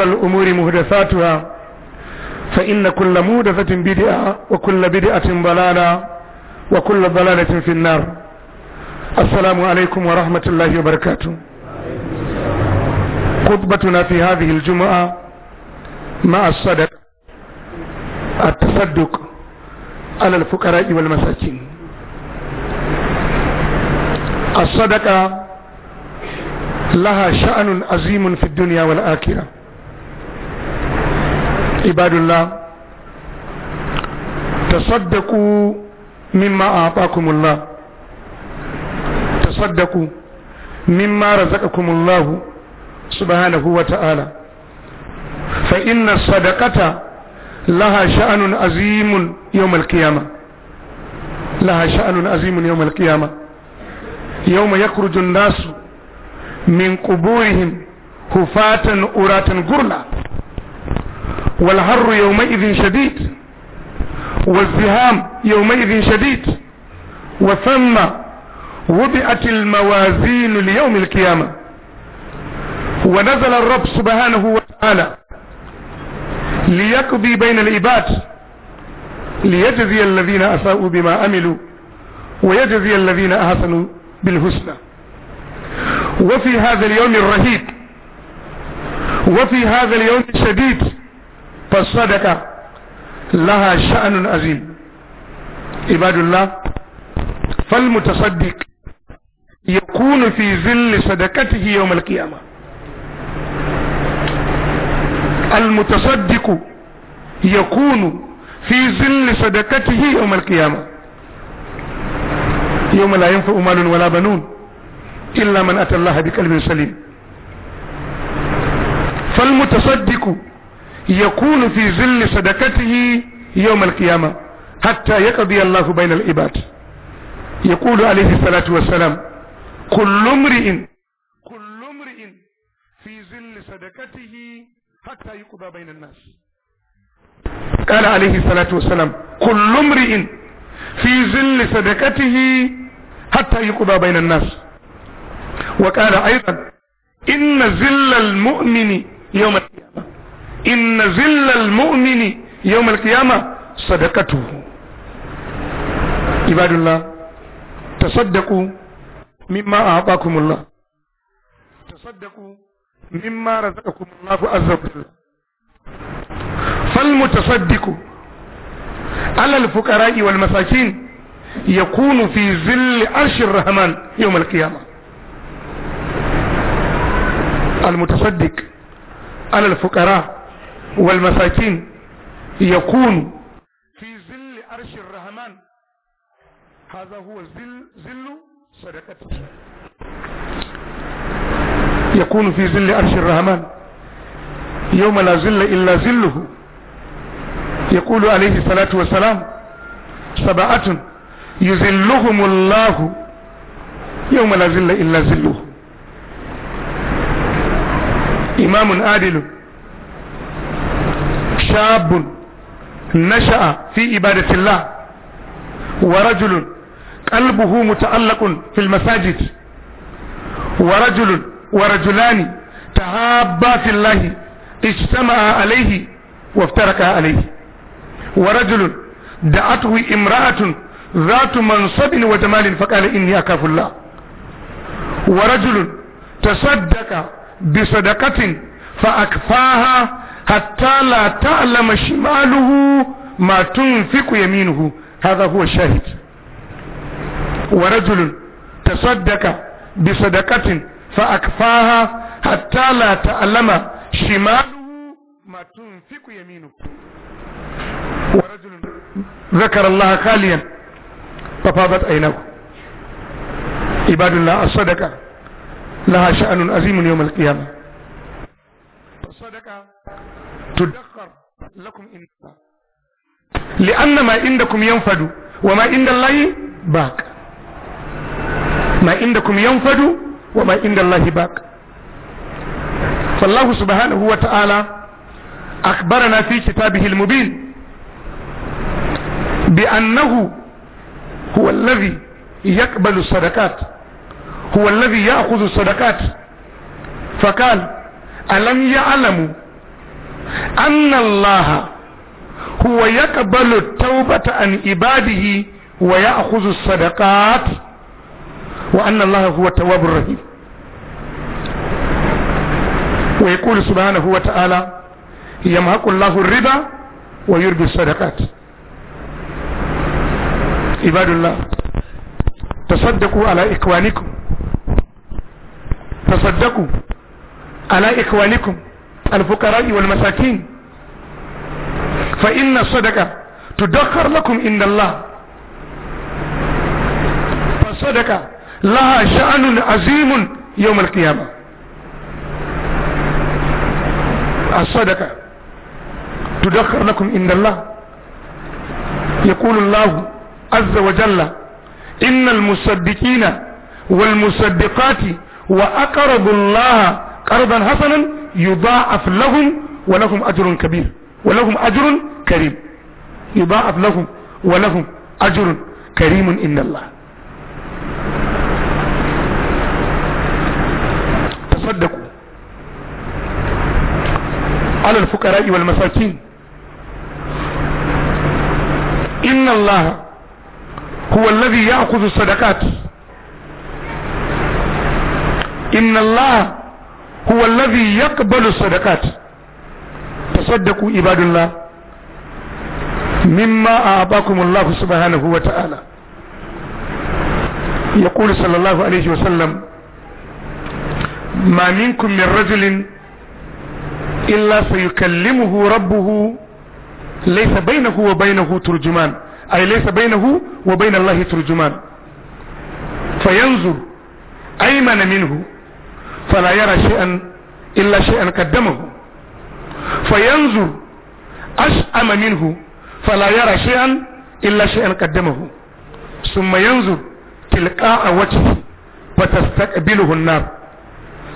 الأمور مهدفاتها فإن كل مهدفة بدعة وكل بدعة ضلالة وكل ضلالة في النار السلام عليكم ورحمة الله وبركاته خطبتنا في هذه الجمعة مع الصدق التصدق على الفقراء والمساكين الصدقة لها شأن عظيم في الدنيا والآخرة عباد الله تصدقوا مما أعطاكم الله تصدقوا مما رزقكم الله سبحانه وتعالى فإن الصدقة لها شأن عظيم يوم القيامة لها شأن عظيم يوم القيامة يوم يخرج الناس من قبورهم هفاة أراة غرلا والهر يومئذ شديد والزهام يومئذ شديد وثم وضعت الموازين ليوم القيامة ونزل الرب سبحانه وتعالى ليقضي بين العباد ليجزي الذين أساءوا بما عملوا ويجزي الذين أحسنوا بالحسنى وفي هذا اليوم الرهيب وفي هذا اليوم الشديد فالصدقة لها شأن عظيم عباد الله فالمتصدق يكون في ظل صدقته يوم القيامة المتصدق يكون في ظل صدقته يوم القيامة يوم لا ينفع مال ولا بنون إلا من أتى الله بقلب سليم فالمتصدق يكون في ظل صدقته يوم القيامة حتى يقضي الله بين العباد يقول عليه الصلاة والسلام كل امرئ كل امرئ في ظل صدقته حتى يقضى بين الناس قال عليه الصلاة والسلام كل امرئ في ظل صدقته حتى يقضى بين الناس وقال ايضا ان ظل المؤمن يوم القيامة إن ذل المؤمن يوم القيامة صدقته عباد الله تصدقوا مما أعطاكم الله تصدقوا مما رزقكم الله عز وجل فالمتصدق على الفقراء والمساكين يكون في ظل عرش الرحمن يوم القيامة المتصدق على الفقراء والمساكين يكون في ظل عرش الرحمن هذا هو ظل ظل صدقته يكون في ظل عرش الرحمن يوم لا ظل إلا ظله يقول عليه الصلاة والسلام سبعة يذلهم الله يوم لا ظل إلا ظله إمام عادل شاب نشأ في عبادة الله ورجل قلبه متعلق في المساجد ورجل ورجلان تهابا في الله اجتمع عليه وافترقا عليه ورجل دعته امرأة ذات منصب وجمال فقال إني أكاف الله ورجل تصدق بصدقة فأكفاها حتى لا تعلم شماله ما تنفق يمينه هذا هو الشاهد ورجل تصدق بصدقة فأكفاها حتى لا تعلم شماله ما تنفق يمينه ورجل ذكر الله خاليا ففاضت أينه عباد الله الصدقة لها شأن عظيم يوم القيامة الصدقة تدخر لكم لأن ما عندكم ينفد وما عند الله باق ما عندكم ينفد وما عند الله باق فالله سبحانه وتعالى أخبرنا في كتابه المبين بأنه هو الذي يقبل الصدقات هو الذي يأخذ الصدقات فقال ألم يعلموا أن الله هو يقبل التوبة عن عباده ويأخذ الصدقات وأن الله هو التواب الرحيم ويقول سبحانه وتعالى يمحق الله الربا ويربي الصدقات عباد الله تصدقوا على إخوانكم تصدقوا على إخوانكم الفقراء والمساكين فإن الصدقة تدخر لكم عند الله فصدقة لها شأن عظيم يوم القيامة الصدقة تدخر لكم عند الله يقول الله عز وجل إن المصدقين والمصدقات وأقرضوا الله قرضا حسنا يضاعف لهم ولهم أجر كبير ولهم أجر كريم يضاعف لهم ولهم أجر كريم إن الله تصدقوا على الفقراء والمساكين إن الله هو الذي يأخذ الصدقات إن الله هو الذي يقبل الصدقات تصدقوا عباد الله مما أعطاكم الله سبحانه وتعالى يقول صلى الله عليه وسلم ما منكم من رجل إلا سيكلمه ربه ليس بينه وبينه ترجمان أي ليس بينه وبين الله ترجمان فينظر أيمن منه فلا يرى شيئا إلا شيئا قدمه فينظر أشأم منه فلا يرى شيئا إلا شيئا قدمه ثم ينظر تلقاء وجهه فتستقبله النار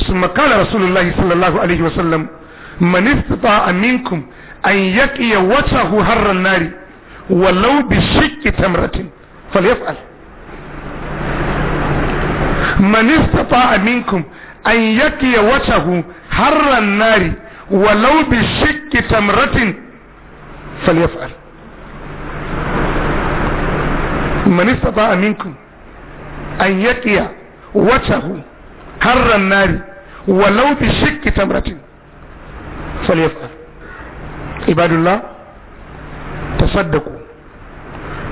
ثم قال رسول الله صلى الله عليه وسلم من استطاع منكم أن يقي وجهه هر النار ولو بشق تمرة فليفعل من استطاع منكم أن يكي وجهه حر النار ولو بشك تمرة فليفعل من استطاع منكم أن يكي وجهه حر النار ولو بشك تمرة فليفعل عباد الله تصدقوا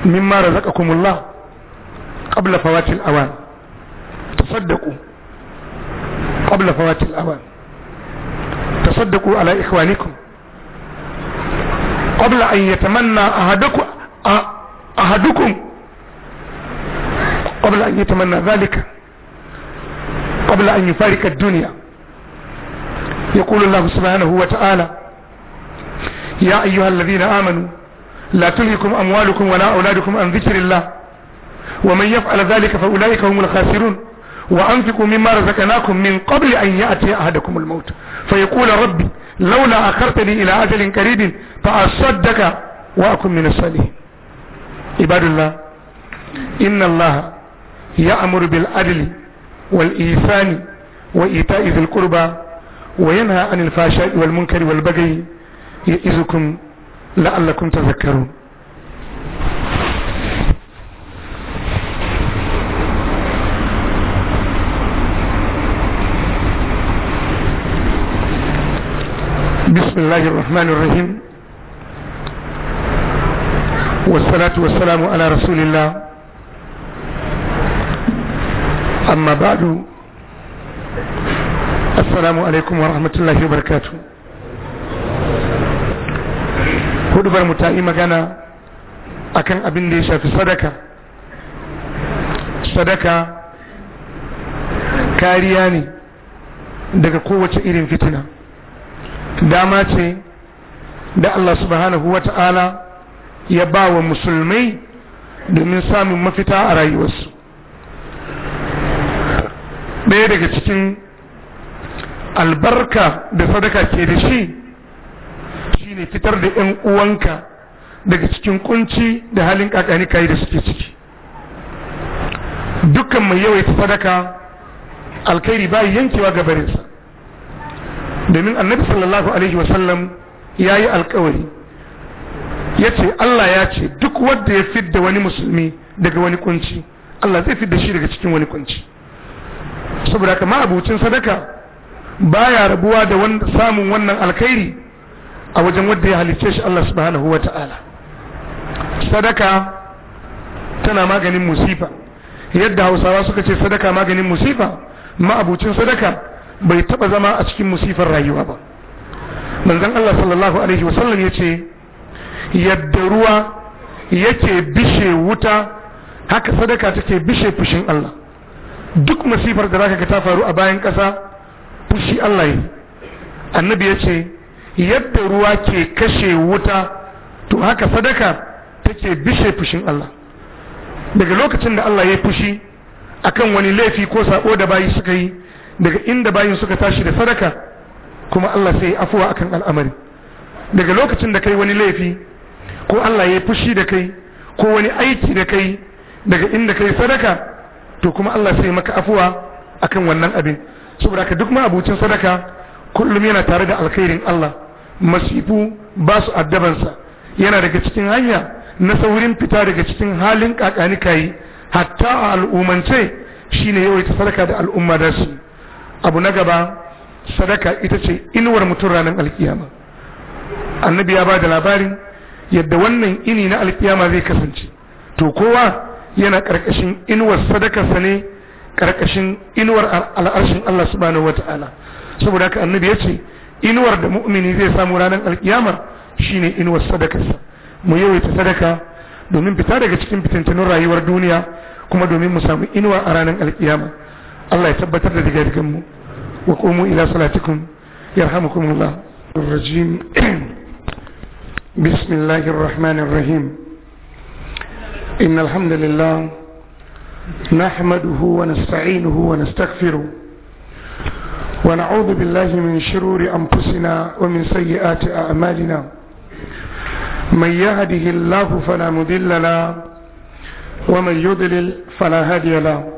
مما رزقكم الله قبل فوات الأوان تصدقوا قبل فوات الأوان تصدقوا على إخوانكم قبل أن يتمنى أحدكم أحدكم قبل أن يتمنى ذلك قبل أن يفارق الدنيا يقول الله سبحانه وتعالى يا أيها الذين آمنوا لا تلهكم أموالكم ولا أولادكم عن ذكر الله ومن يفعل ذلك فأولئك هم الخاسرون وأنفقوا مما رزقناكم من قبل أن يأتي أحدكم الموت فيقول ربي لولا أخرتني إلى أجل قريب فأصدق وأكن من الصالحين عباد الله إن الله يأمر بالعدل والإيثان وإيتاء ذي القربى وينهى عن الفحشاء والمنكر والبغي يئذكم لعلكم تذكرون بسم الله الرحمن الرحيم والصلاة والسلام على رسول الله أما بعد السلام عليكم ورحمة الله وبركاته hudubar mu ta yi magana akan abin da ya shafi sadaka sadaka kariya ne daga kowace irin fitina dama ce da Allah subhanahu wa ta'ala ya ba wa musulmai domin samun mafita a rayuwarsu ɗaya daga cikin albarka da sadaka ke da shi shi ne fitar da 'yan uwanka daga cikin kunci da halin ƙaƙani kayi da suke ciki dukkan mai yawaita sadaka alkhairi ba yankewa gabarinsa domin annabi sallallahu alaihi wasallam ya yi alkawari ya ce Allah ya ce duk wanda ya fidda wani musulmi daga wani kunci Allah zai fidda shi daga cikin wani kunci saboda haka ma'abucin sadaka baya rabuwa da samun wannan alkhairi a wajen wanda ya halicce shi Allah subhanahu wata'ala sadaka tana maganin musifa yadda hausawa suka ce sadaka maganin musifa ma ma'abucin sadaka bai taba zama a cikin musifar rayuwa ba manzon Allah sallallahu alaihi wasallam yace yadda ruwa yake bishe wuta haka sadaka take bishe fushin Allah duk masifar da zaka ga ta faru a bayan kasa fushi Allah yi annabi yace yadda ruwa ke kashe wuta to haka sadaka take bishe fushin Allah daga lokacin da Allah ya fushi akan wani laifi ko sako da bayi suka yi daga inda bayin suka tashi da sadaka kuma Allah sai afuwa akan al'amari daga lokacin da kai wani laifi ko Allah ya fushi da kai ko wani aiki da kai daga inda kai sadaka to kuma Allah sai maka afuwa akan wannan abin saboda ka duk ma'abucin sadaka kullum yana tare da alkhairin Allah masifu ba su addabansa yana daga cikin hanya na saurin fita daga cikin halin kakani kayi hatta a al'umance shine yawaita sadaka da al'umma da su abu na gaba sadaka ita ce inuwar mutum ranar alkiyama annabi ya ba da labarin yadda wannan ini na alkiyama zai kasance to kowa yana ƙarƙashin inuwar sadakarsa ne ƙarƙashin inuwar al'arshin Allah subhanahu wata'ala saboda haka annabi ya ce inuwar da mu'mini zai samu ranar alkiyama shine inuwar sadakarsa mu yawaita sadaka domin fita daga cikin fitintunin rayuwar duniya kuma domin mu samu inuwa a ranar alkiyama الله ya tabbatar وقوموا إلى صلاتكم يرحمكم الله الرجيم بسم الله الرحمن الرحيم إن الحمد لله نحمده ونستعينه ونستغفره ونعوذ بالله من شرور أنفسنا ومن سيئات أعمالنا من يهده الله فلا مذل له ومن يضلل فلا هادي له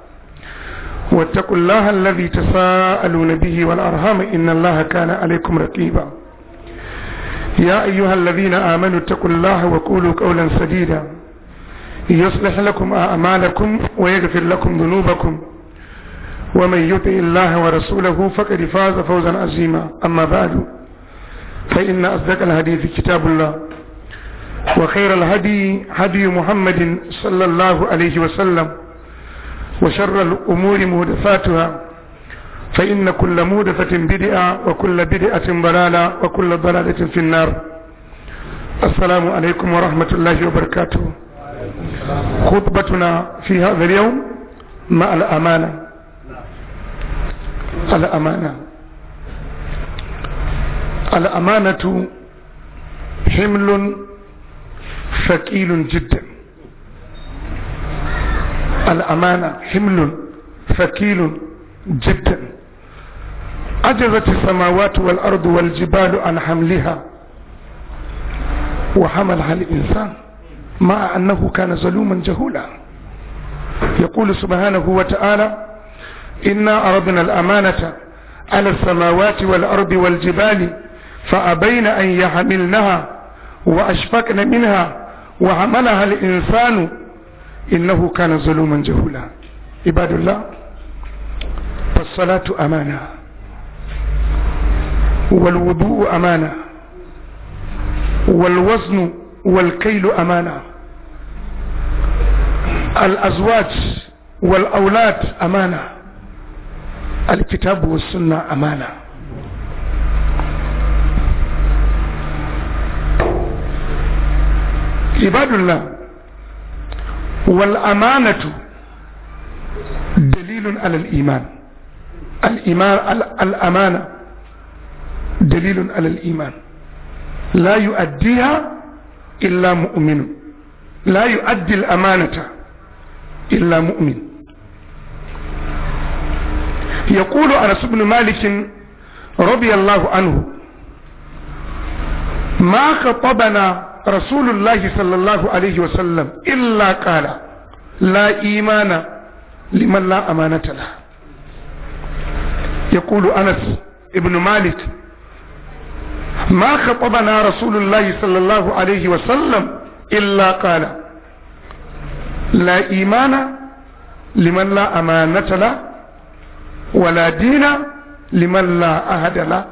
واتقوا الله الذي تساءلون به والأرهام إن الله كان عليكم رقيبا يا أيها الذين آمنوا اتقوا الله وقولوا قولا سديدا يصلح لكم أعمالكم ويغفر لكم ذنوبكم ومن يطع الله ورسوله فقد فاز فوزا عظيما أما بعد فإن أصدق الحديث كتاب الله وخير الهدي هدي محمد صلى الله عليه وسلم وشر الأمور مهدفاتها فإن كل مهدفة بدئة وكل بدئة ضلالة وكل ضلالة في النار السلام عليكم ورحمة الله وبركاته خطبتنا في هذا اليوم مع الأمانة الأمانة الأمانة حمل ثقيل جدا الأمانة حمل ثقيل جدا عجزت السماوات والأرض والجبال عن حملها وحملها الإنسان مع أنه كان ظلوما جهولا يقول سبحانه وتعالى إنا أردنا الأمانة على السماوات والأرض والجبال فأبين أن يحملنها وأشفقن منها وحملها الإنسان إنه كان ظلوما جهولا عباد الله فالصلاة أمانة والوضوء أمانة والوزن والكيل أمانة الأزواج والأولاد أمانة الكتاب والسنة أمانة عباد الله والأمانة دليل على الإيمان الإيمان الأمانة دليل على الإيمان لا يؤديها إلا مؤمن لا يؤدي الأمانة إلا مؤمن يقول أنس بن مالك رضي الله عنه ما خطبنا رسول الله صلى الله عليه وسلم إلا قال لا إيمان لمن لا أمانة له يقول أنس ابن مالك ما خطبنا رسول الله صلى الله عليه وسلم إلا قال لا إيمان لمن لا أمانة له ولا دين لمن لا أهد له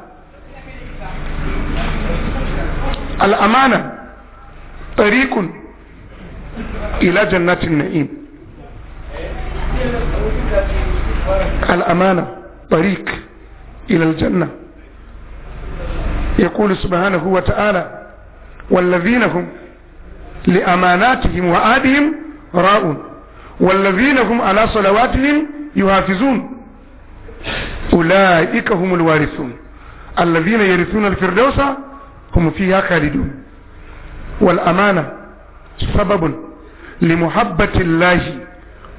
الأمانة طريق إلى جنات النعيم الأمانة طريق إلى الجنة يقول سبحانه وتعالى والذين هم لأماناتهم وآدهم راؤون والذين هم على صلواتهم يحافظون أولئك هم الوارثون الذين يرثون الفردوس هم فيها خالدون والأمانة سبب لمحبة الله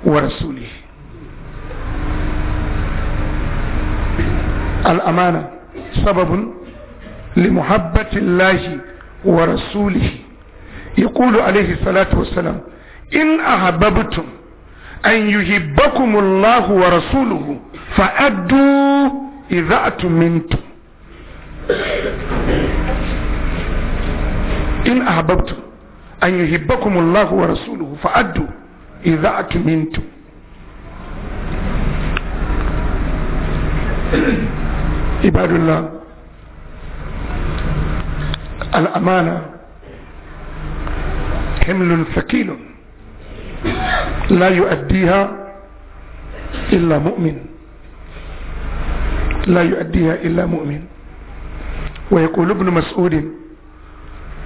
ورسوله الأمانة سبب لمحبة الله ورسوله يقول عليه الصلاة والسلام إن أحببتم أن يحبكم الله ورسوله فأدوا إذا أتمنتم إن أحببتم أن يحبكم الله ورسوله فأدوا إذا أتمنتم عباد الله الأمانة حمل ثقيل لا يؤديها إلا مؤمن لا يؤديها إلا مؤمن ويقول ابن مسعود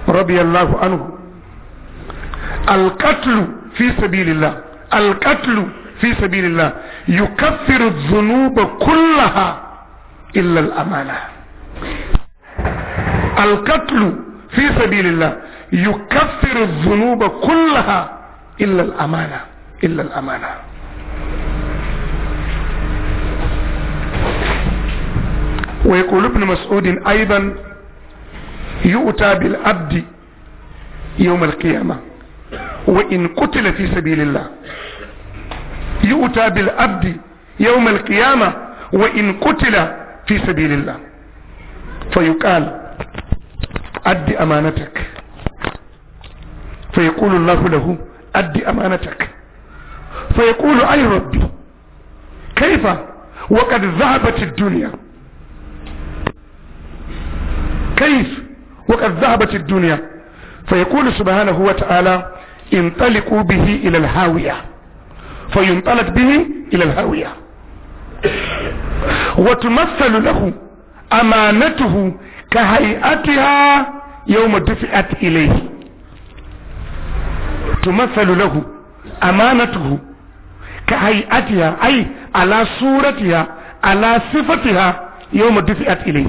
رضي الله عنه القتل في سبيل الله القتل في سبيل الله يكفر الذنوب كلها إلا الأمانة القتل في سبيل الله يكفر الذنوب كلها إلا الأمانة إلا الأمانة ويقول ابن مسعود أيضا يؤتى بالعبد يوم القيامة وإن قتل في سبيل الله يؤتى بالعبد يوم القيامة وإن قتل في سبيل الله فيقال أد أمانتك فيقول الله له أد أمانتك فيقول أي ربي كيف وقد ذهبت الدنيا كيف وقد ذهبت الدنيا فيقول سبحانه وتعالى انطلقوا به الى الهاوية فينطلق به الى الهاوية وتمثل له امانته كهيئتها يوم دفعت اليه تمثل له امانته كهيئتها اي على صورتها على صفتها يوم دفعت اليه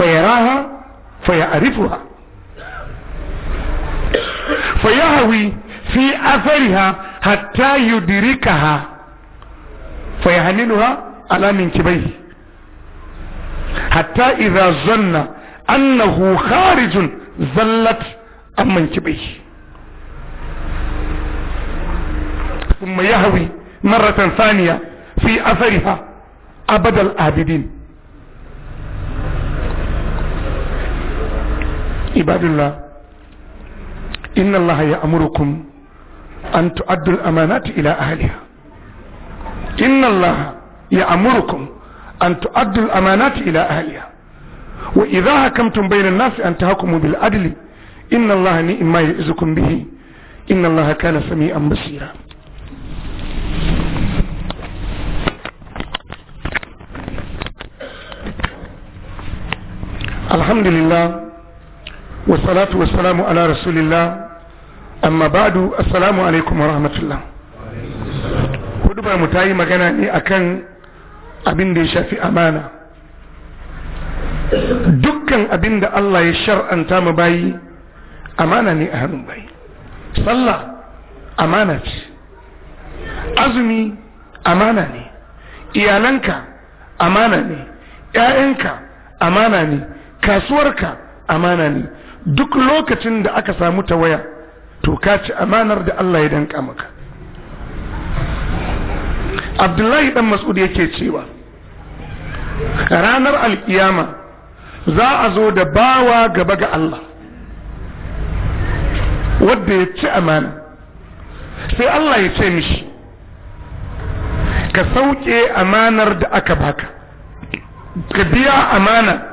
فيراها فيعرفها فيهوي في اثرها حتى يدركها فيهللها على منكبيه حتى اذا ظن انه خارج زلت عن منكبيه ثم يهوي مرة ثانية في اثرها ابد الابدين عباد الله إن الله يأمركم أن تؤدوا الأمانات إلى أهلها إن الله يأمركم أن تؤدوا الأمانات إلى أهلها وإذا حكمتم بين الناس أن تحكموا بالعدل إن الله نئم ما يئزكم به إن الله كان سميعا بصيرا الحمد لله والصلاة والسلام على رسول الله أما بعد السلام عليكم ورحمة الله hudubar mu ta yi magana ne akan abin da ya shafi amana dukkan abin da Allah ya shar'anta mu bayi amana ne a hannun bayi sallah amana ce azumi amana ne iyalanka amana ne ‘ya'yanka amana ne kasuwarka amana ne duk lokacin da aka samu ta waya to ka ci amanar da Allah ya danka maka abdullahi dan mas'ud yake cewa ranar alkiyama za a zo da bawa gaba ga Allah wadda ya ci amana sai Allah ya ce mishi ka sauke amanar da aka baka ka biya amana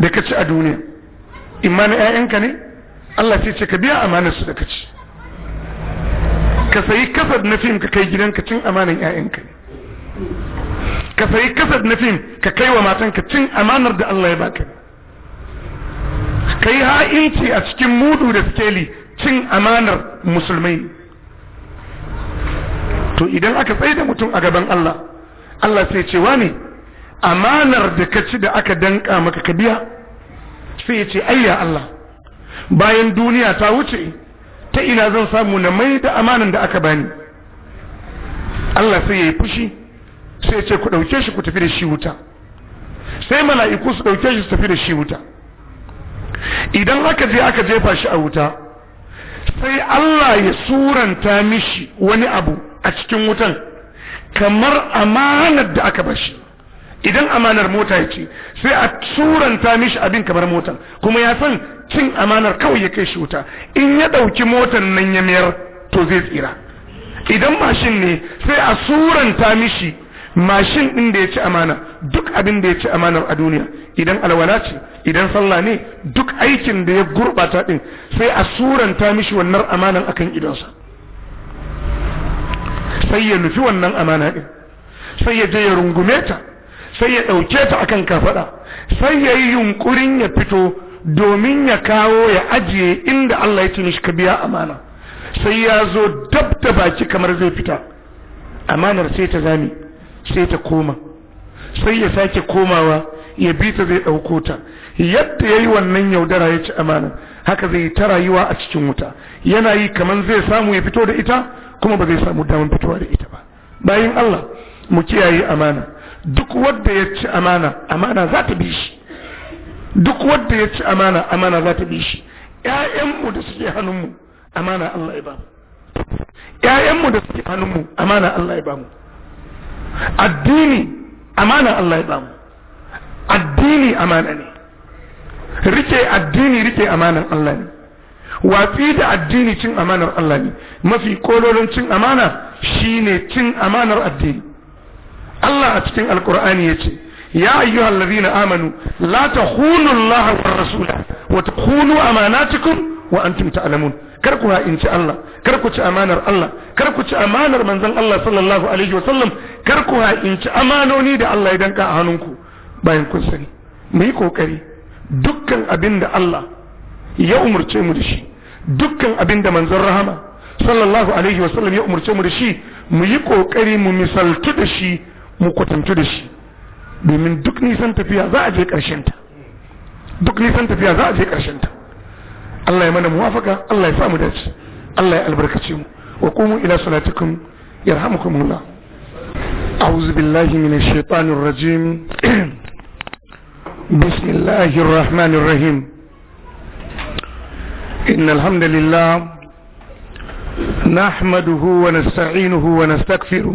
da ka ci a duniya imanin ƴaƴanka ne Allah sai ce ka biya amanar su da ka ci ka sayi kasar na fim ka kai gidanka cin amanar ƴaƴanka ne ka sayi kasar na fim ka kai wa matanka cin amanar da Allah ya baka ka yi ha'inci a cikin mudu da skeli cin amanar musulmai to idan aka tsaye da mutum a gaban Allah Allah sai ce wa ne amanar da ka ci da aka danka maka ka biya sai ya ce ayya Allah bayan duniya ta wuce ta ina zan samu na mai da amanan da aka bani Allah sai ya yi fushi sai ya ce ku ɗauke shi ku tafi da shi wuta sai mala'iku su ɗauke shi su tafi da shi wuta idan aka je aka jefa shi a wuta sai Allah ya suranta mishi wani abu a cikin wutan kamar amanar da aka bashi idan amanar mota yake sai a suranta mishi abin kamar motar kuma ya san cin amanar kawai ya kai shi in ya ɗauki motar nan ya mayar to zai tsira idan mashin ne sai a suranta mishi mashin ɗin da ya ci amana duk abin da ya ci amanar a duniya idan alwala ce idan sallah ne duk aikin da ya gurɓata ɗin sai a suranta mishi wannan amanan akan idonsa sai ya nufi wannan amana ɗin sai ya je ya rungume ta sai ya ɗauke ta akan kafaɗa sai ya yi yunkurin ya fito domin ya kawo ya ajiye inda Allah ya tuni shi ka biya amana sai ya zo dab da baki kamar zai fita amanar sai ta zami sai ta koma sai ya sake komawa ya bi ta zai ɗauko ta yadda ya yi wannan yaudara ya ci amana haka zai ta rayuwa a cikin wuta yana yi kamar zai samu ya fito da ita kuma ba zai samu damar fitowa da ita ba bayan Allah mu kiyaye amana duk wanda ya ci amana amana za ta bi shi duk wanda ya ci amana amana za ta bi shi ƴaƴanmu da suke hannunmu amana Allah ya bamu ƴaƴanmu da suke hannunmu amana Allah ya bamu addini amana Allah ya bamu addini amana ne rike addini rike amanar Allah ne watsi da addini cin amanar Allah ne mafi kololin cin amana shine cin amanar addini Allah a cikin alkur'ani ya ce ya ayyuhal ladina amanu la ta takhunu Allah war rasula wa takhunu amanatikum wa antum ta'lamun kar ku ha'inci Allah kar ku ci amanar Allah kar ku ci amanar manzon Allah sallallahu alaihi wa sallam kar ku ha'inci amanoni da Allah ya danka a hannunku bayan kun sani mu yi kokari dukkan abin da Allah ya umurce mu da shi dukkan abin da manzon rahama sallallahu alaihi wa sallam ya umurce mu da shi mu yi kokari mu misaltu da shi mu kwatantu da shi domin duk nisan tafiya za a je ta duk nisan tafiya za a je ta Allah ya mana muwafaka Allah ya samu dace Allah ya albarkace mu wa qumu ila salatikum yarhamukumullah أعوذ بالله من الشيطان الرجيم بسم الله الرحمن الرحيم إن الحمد لله نحمده ونستعينه ونستغفره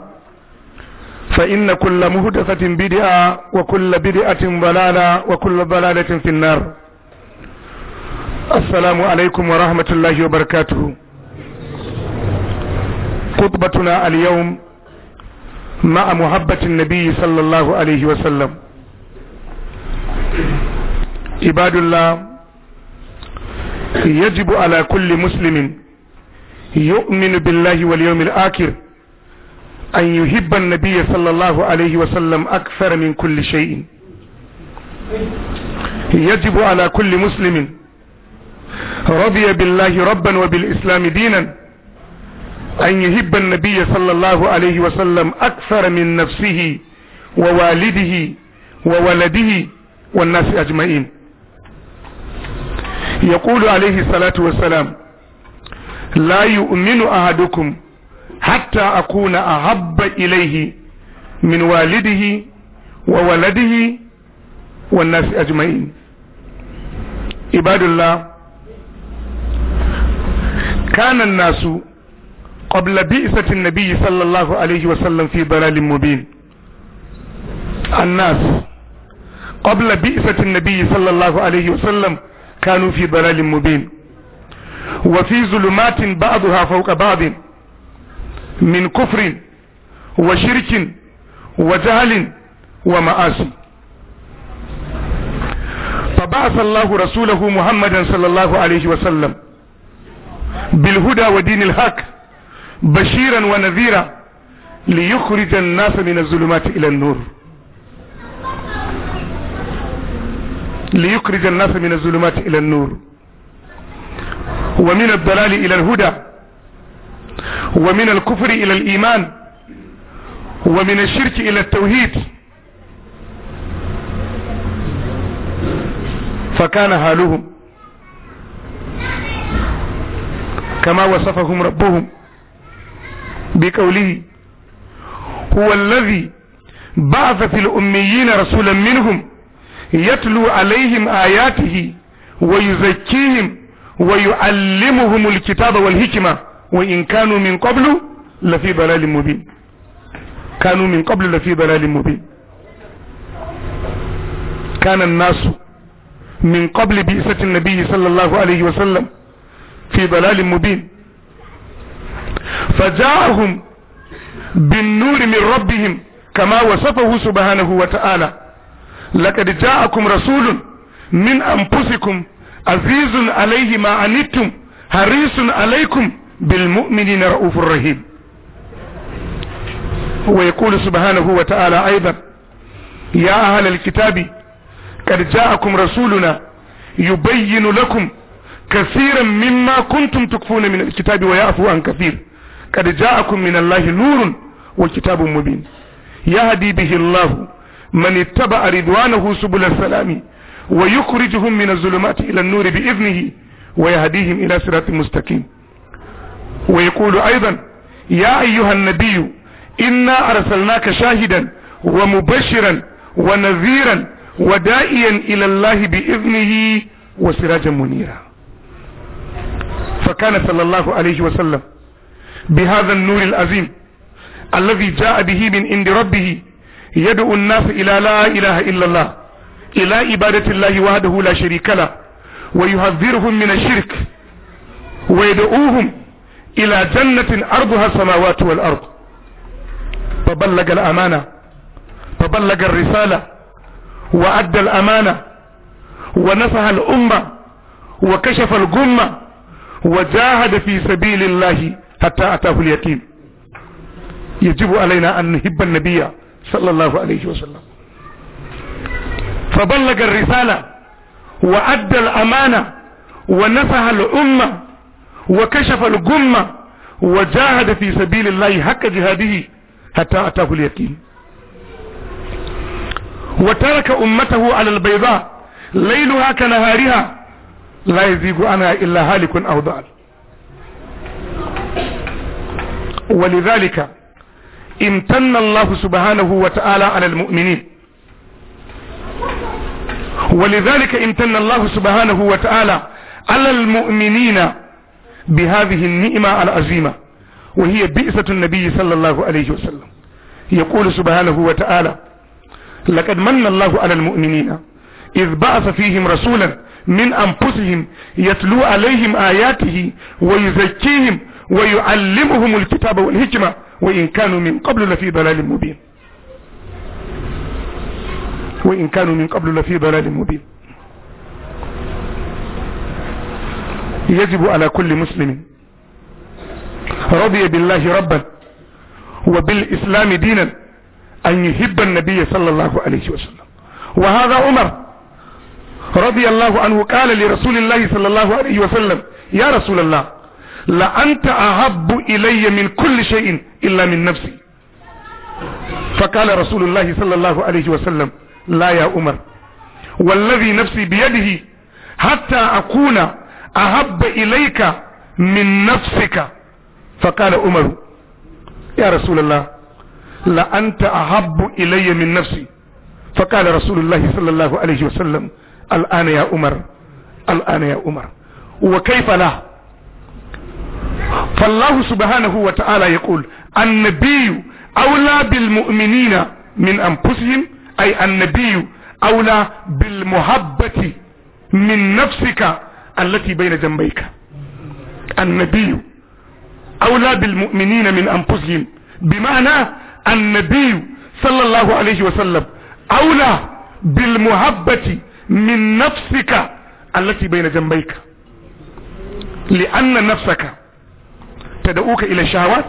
فإن كل مهدفة بدعة وكل بدعة ضلالة وكل ضلالة في النار السلام عليكم ورحمة الله وبركاته خطبتنا اليوم مع محبة النبي صلى الله عليه وسلم عباد الله يجب على كل مسلم يؤمن بالله واليوم الآخر أن يحب النبي صلى الله عليه وسلم أكثر من كل شيء يجب على كل مسلم رضي بالله ربا وبالإسلام دينا أن يحب النبي صلى الله عليه وسلم أكثر من نفسه ووالده وولده والناس أجمعين يقول عليه الصلاة والسلام لا يؤمن أحدكم حتى أكون أحب إليه من والده وولده والناس أجمعين عباد الله كان الناس قبل بئسة النبي صلى الله عليه وسلم في ضلال مبين الناس قبل بئسة النبي صلى الله عليه وسلم كانوا في ضلال مبين وفي ظلمات بعضها فوق بعض من كفر وشرك وجهل ومآسي فبعث الله رسوله محمدا صلى الله عليه وسلم بالهدى ودين الحق بشيرا ونذيرا ليخرج الناس من الظلمات الى النور ليخرج الناس من الظلمات الى النور ومن الضلال الى الهدى ومن الكفر الى الايمان ومن الشرك الى التوحيد فكان حالهم كما وصفهم ربهم بقوله هو الذي بعث في الأميين رسولا منهم يتلو عليهم آياته ويزكيهم ويعلمهم الكتاب والحكمة وإن كانوا من قبل لفي ضلال مبين كانوا من قبل لفي ضلال مبين كان الناس من قبل بئسة النبي صلى الله عليه وسلم في ضلال مبين فجاءهم بالنور من ربهم كما وصفه سبحانه وتعالى لقد جاءكم رسول من أنفسكم عزيز عليه ما عنتم حريص عليكم بالمؤمنين رؤوف رحيم هو يقول سبحانه وتعالى ايضا يا اهل الكتاب قد جاءكم رسولنا يبين لكم كثيرا مما كنتم تكفون من الكتاب ويعفو عن كثير قد جاءكم من الله نور وكتاب مبين يهدي به الله من اتبع رضوانه سبل السلام ويخرجهم من الظلمات الى النور باذنه ويهديهم الى صراط مستقيم ويقول ايضا يا ايها النبي انا ارسلناك شاهدا ومبشرا ونذيرا ودائيا الى الله باذنه وسراجا منيرا فكان صلى الله عليه وسلم بهذا النور العظيم الذي جاء به من عند ربه يدعو الناس الى لا اله الا الله الى عبادة الله وحده لا شريك له ويهذرهم من الشرك ويدعوهم الى جنة ارضها السماوات والارض فبلغ الامانة فبلغ الرسالة وادى الامانة ونصح الامة وكشف الجمة وجاهد في سبيل الله حتى اتاه اليتيم يجب علينا ان نحب النبي صلى الله عليه وسلم فبلغ الرسالة وادى الامانة ونصح الامة وكشف الجمة وجاهد في سبيل الله حق جهاده حتى أتاه اليقين وترك أمته على البيضاء ليلها كنهارها لا يزيغ عنها إلا هالك أو ضال ولذلك امتن الله سبحانه وتعالى على المؤمنين ولذلك امتن الله سبحانه وتعالى على المؤمنين بهذه النعمة العظيمة وهي بئسة النبي صلى الله عليه وسلم يقول سبحانه وتعالى لقد من الله على المؤمنين إذ بعث فيهم رسولا من أنفسهم يتلو عليهم آياته ويزكيهم ويعلمهم الكتاب والحكمة وإن كانوا من قبل لفي ضلال مبين وإن كانوا من قبل لفي ضلال مبين يجب على كل مسلم رضي بالله ربا وبالإسلام دينا أن يحب النبي صلى الله عليه وسلم وهذا عمر رضي الله عنه قال لرسول الله صلى الله عليه وسلم يا رسول الله لأنت أحب إلي من كل شيء إلا من نفسي فقال رسول الله صلى الله عليه وسلم لا يا عمر والذي نفسي بيده حتى أكون اهب اليك من نفسك فقال عمر يا رسول الله لانت اهب الي من نفسي فقال رسول الله صلى الله عليه وسلم الان يا عمر الان يا عمر وكيف لا فالله سبحانه وتعالى يقول النبي اولى بالمؤمنين من انفسهم اي النبي اولى بالمحبه من نفسك التي بين جنبيك النبي أولى بالمؤمنين من أنفسهم بمعنى النبي صلى الله عليه وسلم أولى بالمحبة من نفسك التي بين جنبيك لأن نفسك تدعوك إلى الشهوات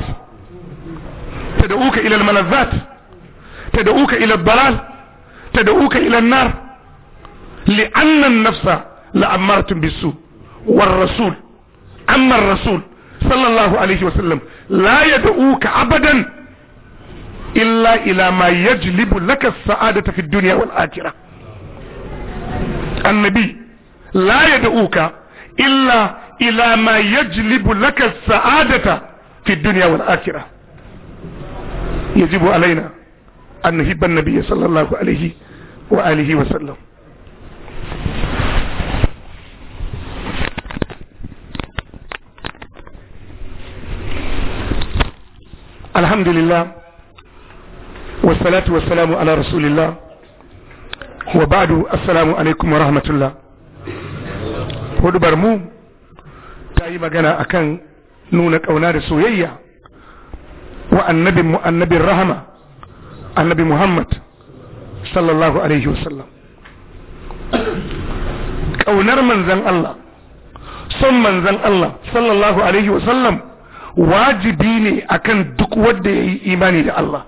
تدعوك إلى الملذات تدعوك إلى الضلال تدعوك إلى النار لأن النفس لأمرتم بالسوء والرسول أما الرسول صلى الله عليه وسلم لا يدعوك أبدا إلا إلى ما يجلب لك السعادة في الدنيا والآخرة النبي لا يدعوك إلا إلى ما يجلب لك السعادة في الدنيا والآخرة يجب علينا أن نحب النبي صلى الله عليه وآله وسلم alhamdulillah wasalatu wasalamu ala rasulillah wa ba'du assalamu alaikum wa rahmatullah hudubar mu ta yi magana kan nuna kauna da soyayya wa annabin mu annabin rahama annabi muhammad sallallahu alaihi wasallam kaunar manzan Allah son manzan Allah sallallahu alaihi wasallam wajibi ne akan duk wanda yayi imani da Allah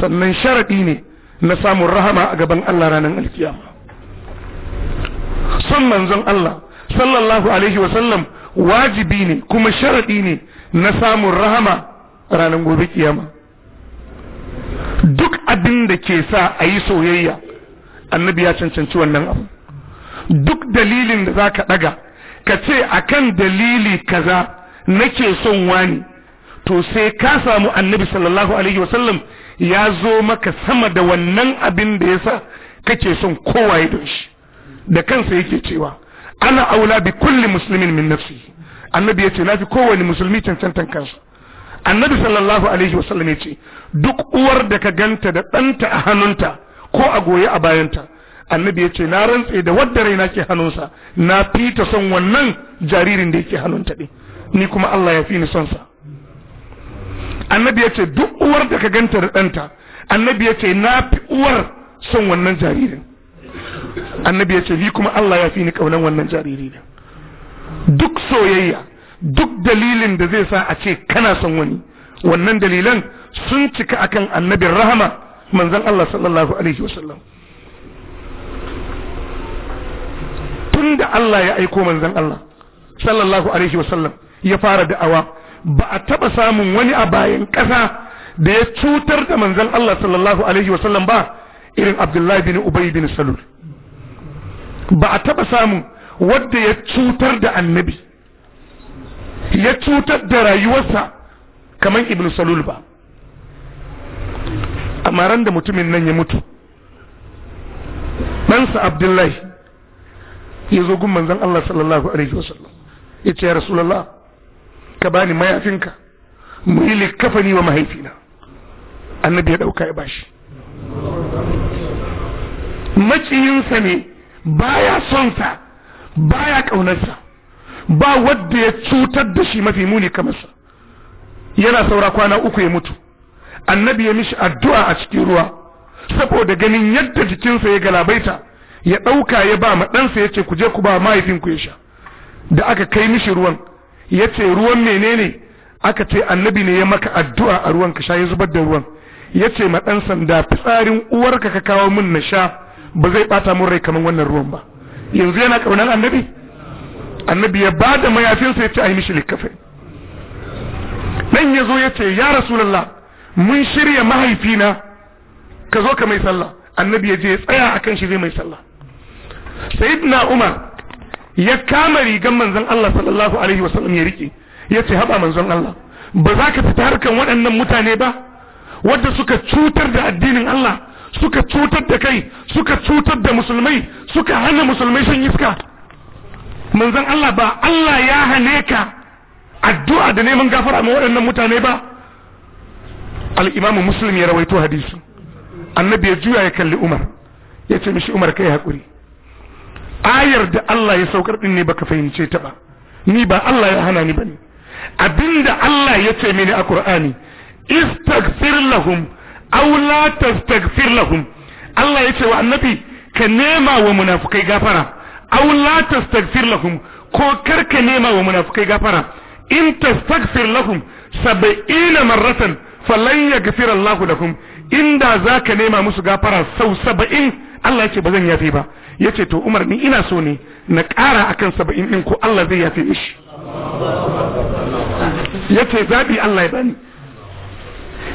sannan sharaɗi ne na samun rahama a gaban Allah ranar alkiyama son manzon Allah sallallahu alaihi wasallam wajibi ne kuma sharaɗi ne na samun rahama ranar gobe kiyama duk abin da ke sa a yi soyayya annabi ya cancanci wannan abu duk dalilin da za ka ɗaga ka ce akan dalili kaza nake son wani to sai ka samu annabi sallallahu alaihi wasallam ya zo maka sama da wannan abin da yasa kake son kowa ya don shi da kansa yake cewa ana aula bi kulli muslimin min nafsi annabi yace na fi kowane musulmi cancantan kansa annabi sallallahu alaihi wasallam yace duk uwar da ka ganta da ɗanta a hannunta ko a goye a bayanta annabi yace na rantse da wadda raina ke hannunsa na fita son wannan jaririn da yake hannunta ɗin ni kuma Allah ya fi ni son sa annabi yace duk uwar da ka ganta da ɗanta annabi yace na fi uwar son wannan jaririn annabi yace ni kuma Allah ya fi ni kaunan wannan jariri duk soyayya duk dalilin da zai sa a ce kana son wani wannan dalilan sun cika akan annabin rahama manzon Allah sallallahu alaihi wasallam tun da Allah ya aiko manzon Allah sallallahu alaihi wasallam ya fara da'awa ba a taba samun wani a bayan ƙasa da ya cutar da manzan Allah sallallahu alaihi wasallam ba irin Abdullahi bin Ubay bin Salul ba a taba samun wanda ya cutar da annabi ya cutar da rayuwarsa kamar Ibn Salul ba amma ran da mutumin nan ya mutu ɗansa Abdullahi ya zo gun manzan Allah sallallahu alaihi wasallam ya ce ya ka bani mayafinka mu yi likafani wa mahaifina annabi ya dauka ya bashi maciyinsa ne baya son sa baya kaunarsa ba wanda ya cutar da shi mafi muni kamar yana saura kwana uku ya mutu annabi ya mishi addu'a a cikin ruwa saboda ganin yadda jikinsa ya galabaita ya ɗauka ya ba ma ɗansa ya ce ku je ku ba mahaifinku ya sha da aka kai mishi ruwan ya ce ruwan menene aka ce annabi ne ya maka addu'a a ruwan ka sha ya zubar da ruwan ya ce ma ɗan sanda fitsarin uwarka ka kawo min na sha ba zai ɓata mun rai kamar wannan ruwan ba yanzu yana ƙaunar annabi annabi ya ba da mayafinsa ya ce a yi mishi likafe ɗan ya zo ya ce ya rasulallah mun shirya mahaifina ka zo ka mai sallah annabi ya je ya tsaya akan shi zai mai sallah sayyidina umar ya kama rigan manzon Allah sallallahu alaihi wasallam ya rike ya ce haba manzon Allah ba za ka fita harkan waɗannan mutane ba wadda suka cutar da addinin Allah suka cutar da kai suka cutar da musulmai suka hana musulmai shan iska manzon Allah ba Allah ya hane ka addu'a da neman gafara ma waɗannan mutane ba al-Imam Muslim ya rawaito hadisi annabi ya juya ya kalli Umar ya ce mishi Umar kai hakuri ayar da Allah ya saukar din ne baka fahimce ta ba ni ba Allah ya hana ni bane abinda Allah ya ce mini a Qur'ani istaghfir lahum aw la tastaghfir lahum Allah ya ce wa annabi ka nema wa munafikai gafara aw la tastaghfir lahum ko kar ka nema wa munafikai gafara in tastaghfir lahum sab'ina marratan falan yaghfir Allah lahum inda za ka nema musu gafara sau saba'in Allah ya ce ba zan yafe ba ya ce to umar ni ina so ne na ƙara a kan saba'in ɗin ko Allah zai yafe mishi ya ce zaɓi Allah ya bani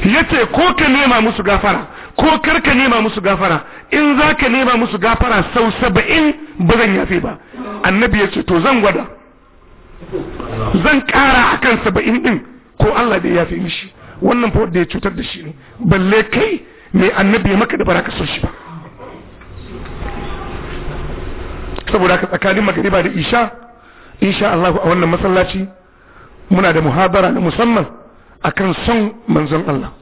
ya ce ko ka nema musu gafara ko kar ka nema musu gafara in za ka nema musu gafara sau saba'in ba zan yafe ba annabi ya ce to zan gwada zan ƙara akan saba'in ɗin ko Allah zai yafe mishi wannan fa wanda ya cutar da shi ne balle kai mai annabi ya maka da baraka so shi ba saboda ka tsakanin magariba da isha insha Allah a wannan masallaci muna da muhabara na musamman akan son manzon Allah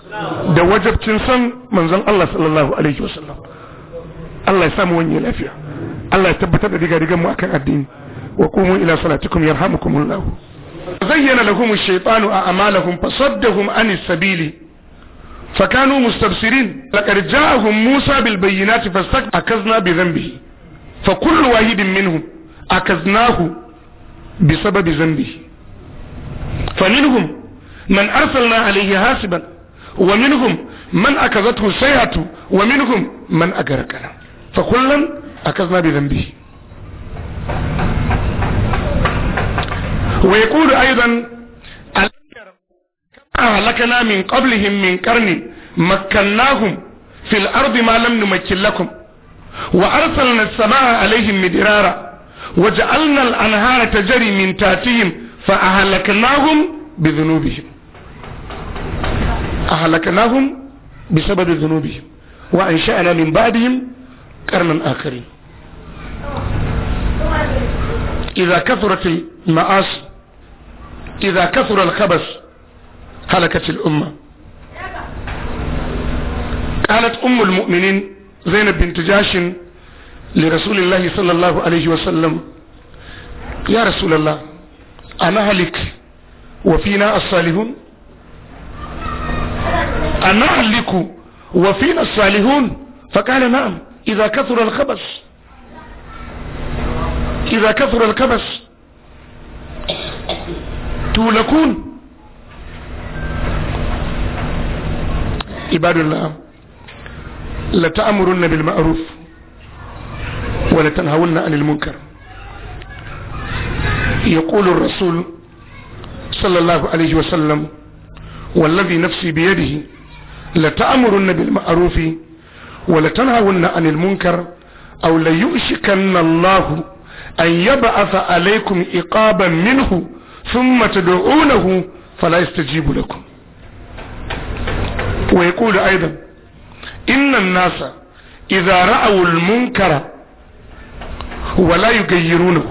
da wajabcin son manzon Allah sallallahu alaihi wasallam Allah ya samu wani lafiya Allah ya tabbatar da diga-digan mu akan addini wa qumu ila salatikum yarhamukumullahu زين لهم الشيطان أعمالهم فصدهم عن السبيل فكانوا مستبصرين لقد جاءهم موسى بالبينات فاستكبرنا بذنبه فكل واحد منهم أكذناه بسبب ذنبه فمنهم من أرسلنا عليه حاسبا ومنهم من أكذته سيئة ومنهم من أكركنا فكلا أكذنا بذنبه ويقول أيضا كما أهلكنا من قبلهم من قرن مكناهم في الأرض ما لم نمكن لكم وأرسلنا السماء عليهم مدرارا وجعلنا الأنهار تجري من تاتهم فأهلكناهم بذنوبهم أهلكناهم بسبب ذنوبهم وأنشأنا من بعدهم قرنا آخرين إذا كثرت المعاصي إذا كثر الخبث هلكت الأمة قالت أم المؤمنين زينب بنت جاش لرسول الله صلى الله عليه وسلم يا رسول الله أنا هلك وفينا الصالحون أنا هلك وفينا الصالحون فقال نعم إذا كثر الخبث إذا كثر الخبث تولكون عباد الله لتأمرن بالمعروف ولتنهون عن المنكر يقول الرسول صلى الله عليه وسلم والذي نفسي بيده لتأمرن بالمعروف ولتنهون عن المنكر أو ليؤشكن الله أن يبعث عليكم إقابا منه ثم تدعونه فلا يستجيب لكم ويقول ايضا ان الناس اذا رأوا المنكر ولا يغيرونه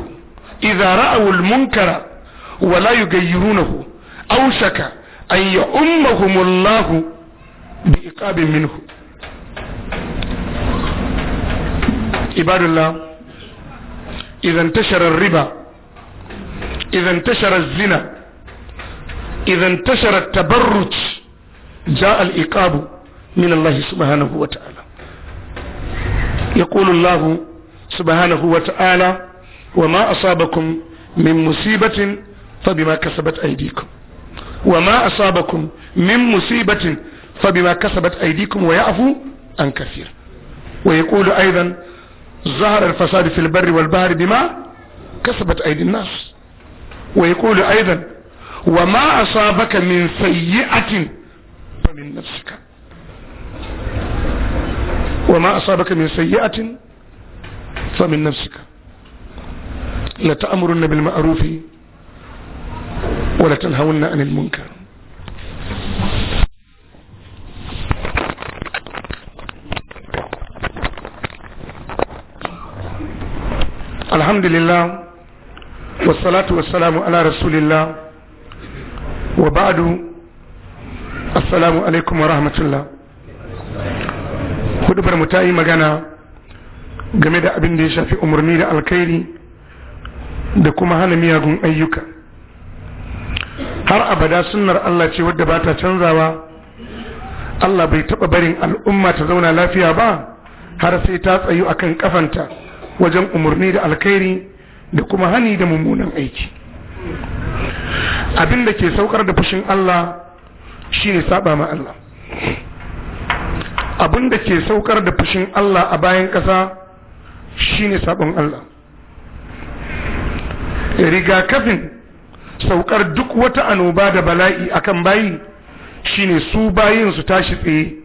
اذا رأوا المنكر ولا يغيرونه اوشك ان يؤمهم الله بإقاب منه عباد الله اذا انتشر الربا اذا انتشر الزنا اذا انتشر التبرج جاء العقاب من الله سبحانه وتعالى يقول الله سبحانه وتعالى وما أصابكم من مصيبة فبما كسبت أيديكم وما أصابكم من مصيبة فبما كسبت أيديكم ويعفو عن كثير ويقول أيضا ظهر الفساد في البر والبحر بما كسبت أيدي الناس ويقول ايضا وما اصابك من سيئة فمن نفسك وما اصابك من سيئة فمن نفسك لتأمرن بالمعروف ولتنهون عن المنكر الحمد لله wasalatu wasalamu ala rasulillah wa ba'adu assalamu alaikum wa rahmatullah hudubar mu ta yi magana game da abin da ya shafi umarni da alkhairi da kuma hana miyagun ayyuka har abada sunnar Allah ce wadda ba ta canzawa Allah bai taɓa barin al'umma ta zauna lafiya ba har sai ta tsayu akan kafanta wajen umarni da alkhairi da kuma hani da mummunan aiki abin ke saukar da fushin Allah shine saba ma Allah abin ke saukar da fushin Allah a bayan ƙasa shine sabon Allah rigakafin saukar duk wata annoba da bala'i akan bayi shine su bayin su tashi tsaye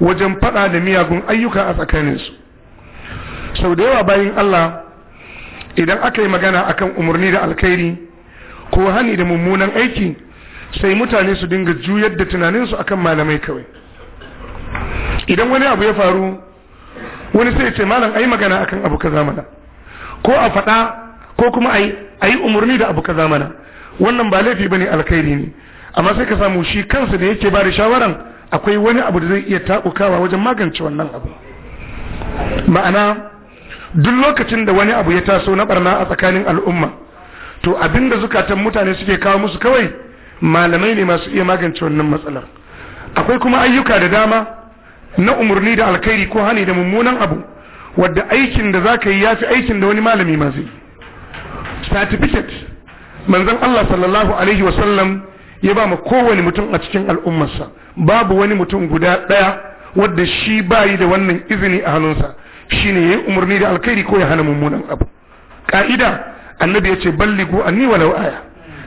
wajen fada da miyagun ayyuka a tsakaninsu sau da yawa bayin Allah idan aka yi magana akan umarni da alkhairi ko hani da mummunan aiki sai mutane su dinga juyar da tunaninsu akan malamai kawai idan wani abu ya faru wani sai ce malam ai magana akan abu kaza mana ko a faɗa ko kuma ai ai umarni da abu kaza mana wannan ba laifi ba ne alkhairi ne amma sai ka samu shi kansa da yake bada shawaran akwai wani abu da zai iya takukawa wajen magance wannan abu ma'ana duk lokacin da wani abu ya taso na barna a tsakanin al'umma to abinda zukatan mutane suke kawo musu kawai malamai ne masu iya magance wannan matsalar akwai kuma ayyuka da dama na umarni da alkhairi ko hani da mummunan abu wadda aikin da za ka yi ya fi aikin da wani malami ma zai certificate manzon Allah sallallahu alaihi wasallam ya ba ma kowane mutum a cikin al'ummarsa babu wani mutum guda ɗaya wadda shi bayi da wannan izini a hannunsa shine yi umarni da alkhairi ko ya hana mummunan abu ka'ida annabi yace balligu anni walau aya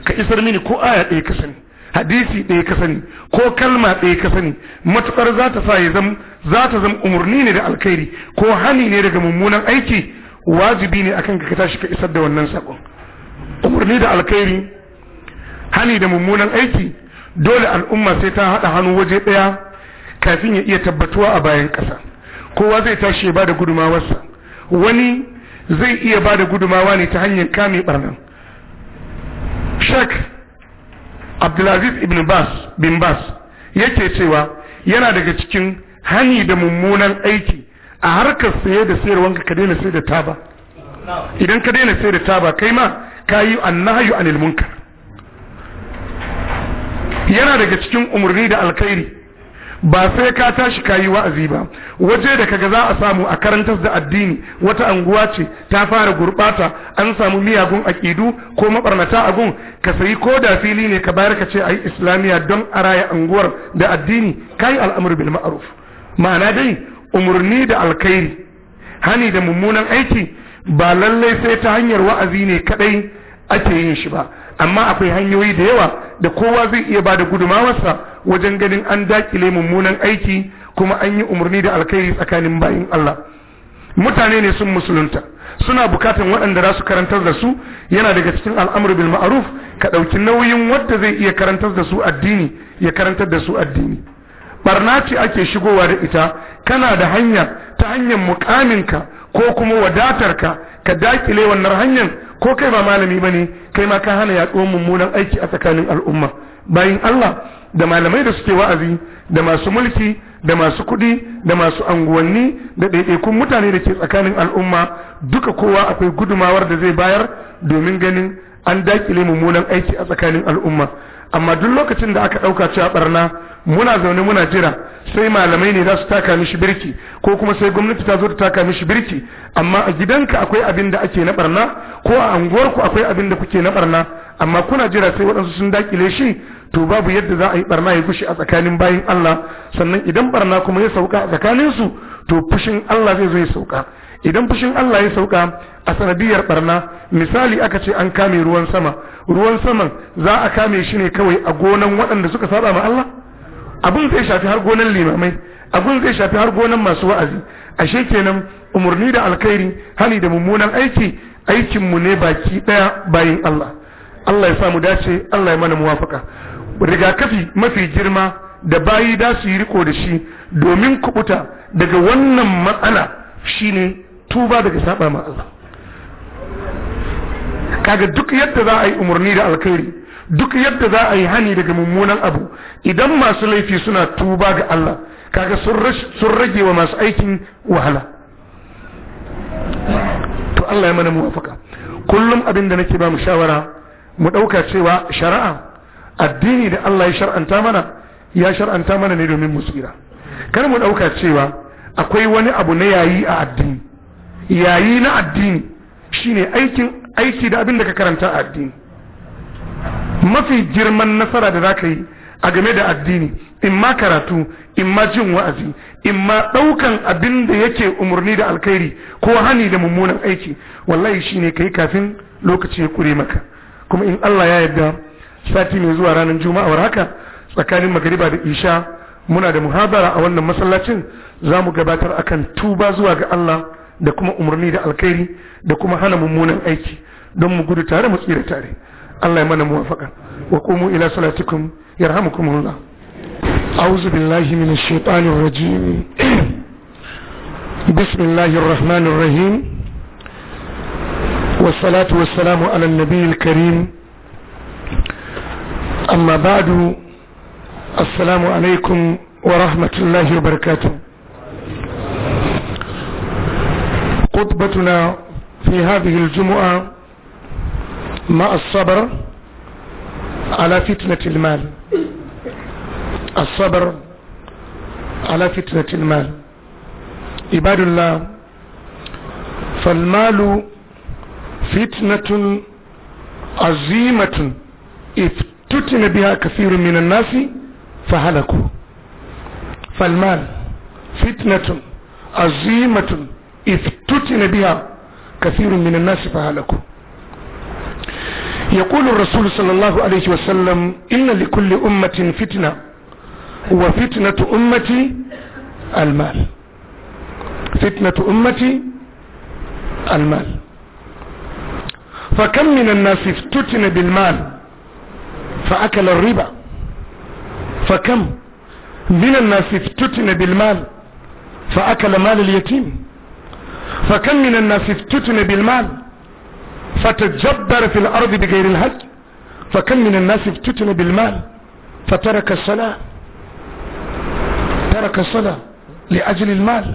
ka isar mini ko aya ɗaya ka sani hadisi ɗaya ka sani ko kalma ɗaya ka sani matukar za ta sa ya zam za ta zam umarni ne da alkhairi ko hani ne daga mummunan aiki wajibi ne akan ka tashi ka isar da wannan sakon umarni da alkhairi hani da mummunan aiki dole al'umma sai ta haɗa hannu waje ɗaya kafin ya iya tabbatuwa a bayan ƙasa kowa zai tashi ya bada gudumawarsa wani zai iya bada gudumawa ne ta hanyar kame barnan sheikh abdulaziz ibn bas bin bas yake cewa yana daga cikin hani da mummunan aiki a harkar saye da sayarwanka ka daina sai da taba idan ka daina sai da taba kai ma ka yi annahayu anil munkar yana daga cikin umarni da alkhairi ba sai ka tashi ka yi wa'azi ba waje da kaga za a samu a karantar da addini wata anguwa ce ta fara gurbata an samu miyagun aƙidu ko mabarnata a gun ka sayi ko da fili ne ka bayar ka ce a yi islamiyya don a raya anguwar da addini kai al'amur bil ma'ruf ma'ana dai umarni da alkhairi hani da mummunan aiki ba lallai sai ta hanyar wa'azi ne kadai ake yin shi ba amma akwai hanyoyi da yawa da kowa zai iya ba da gudumawarsa wajen ganin an dakile mummunan aiki kuma an yi umarni da alkhairi tsakanin bayin Allah mutane ne sun musulunta suna bukatan waɗanda za su karantar da su yana daga cikin al'amur bil ma'ruf ka ɗauki nauyin wanda zai iya karantar da su addini ya karantar da su addini barna ce ake shigowa da ita kana da hanya ta hanyar mukaminka ko kuma wadatarka ka dakile wannan hanyar ko kai ba malami bane kai ma ka hana yaɗuwar mummunan aiki a tsakanin al'umma bayan Allah da malamai da suke wa'azi da masu mulki da masu kuɗi da masu anguwanni da ɗaiɗaikun mutane da ke tsakanin al'umma duka kowa akwai gudumawar da zai bayar domin ganin an dakile mummunan aiki a tsakanin al'umma amma duk lokacin da aka ɗauka cewa barna muna zaune muna jira sai malamai ne za su taka mishi birki ko kuma sai gwamnati ta zo ta taka mishi birki amma a gidanka akwai abin da ake na barna ko a anguwarku akwai abin da kuke na barna amma kuna jira sai waɗansu sun dakile shi to babu yadda za a yi barna ya gushi a tsakanin bayin Allah sannan idan barna kuma ya sauka a tsakanin su to fushin Allah zai zo ya sauka idan fushin Allah ya sauka a sanadiyar barna misali aka ce an kame ruwan sama ruwan saman za a kame shi ne kawai a gonan waɗanda suka saba ma Allah abin zai shafi har gonan limamai abin zai shafi har gonan masu wa'azi ashe kenan umarni da alkhairi hali da mummunan aiki aikin mu ne baki daya bayin Allah Allah ya sa mu dace Allah ya mana muwafaka rigakafi mafi girma da bayi da su yi riko da shi domin kubuta daga wannan matsala shine tuba daga saba ma Allah kaga duk yadda za a yi umarni da alkhairi duk yadda za a yi hani daga mummunan abu idan masu laifi suna tuba ga Allah kaga sun rage wa masu aikin wahala to Allah ya mana muwafaka kullum abin da nake ba mu shawara mu ɗauka cewa shari'a addini da Allah ya shar'anta mana ya shar'anta mana ne domin mu tsira kar mu ɗauka cewa akwai wani abu na yayi a addini yayi na addini shine aikin aiki da abin da ka karanta a addini mafi girman nasara da za ka yi a game da addini in ma karatu in ma jin wa'azi in ma ɗaukan abin da yake umarni da alkhairi ko hani da mummunan aiki wallahi shi ne ka yi kafin lokaci ya kure maka kuma in Allah ya yadda sati mai zuwa ranar juma'a war haka tsakanin magariba da isha muna da muhabara a wannan masallacin za mu gabatar akan tuba zuwa ga Allah da kuma umarni da alkhairi da kuma hana mummunan aiki don mu gudu tare mu tsira tare الله يمنى موافقا وقوموا إلى صلاتكم يرحمكم الله أعوذ بالله من الشيطان الرجيم بسم الله الرحمن الرحيم والصلاة والسلام على النبي الكريم أما بعد السلام عليكم ورحمة الله وبركاته خطبتنا في هذه الجمعة مع الصبر على فتنة المال الصبر على فتنة المال عباد الله فالمال فتنة عظيمة افتتن بها كثير من الناس فهلكوا فالمال فتنة عظيمة افتتن بها كثير من الناس فهلكوا يقول الرسول صلى الله عليه وسلم إن لكل أمة فتنة وفتنة أمتي المال فتنة أمتي المال فكم من الناس افتتن بالمال فأكل الربا فكم من الناس افتتن بالمال فأكل مال اليتيم فكم من الناس افتتن بالمال فتجبر في الارض بغير الهدي فكم من الناس افتتن بالمال فترك الصلاة ترك الصلاة لأجل المال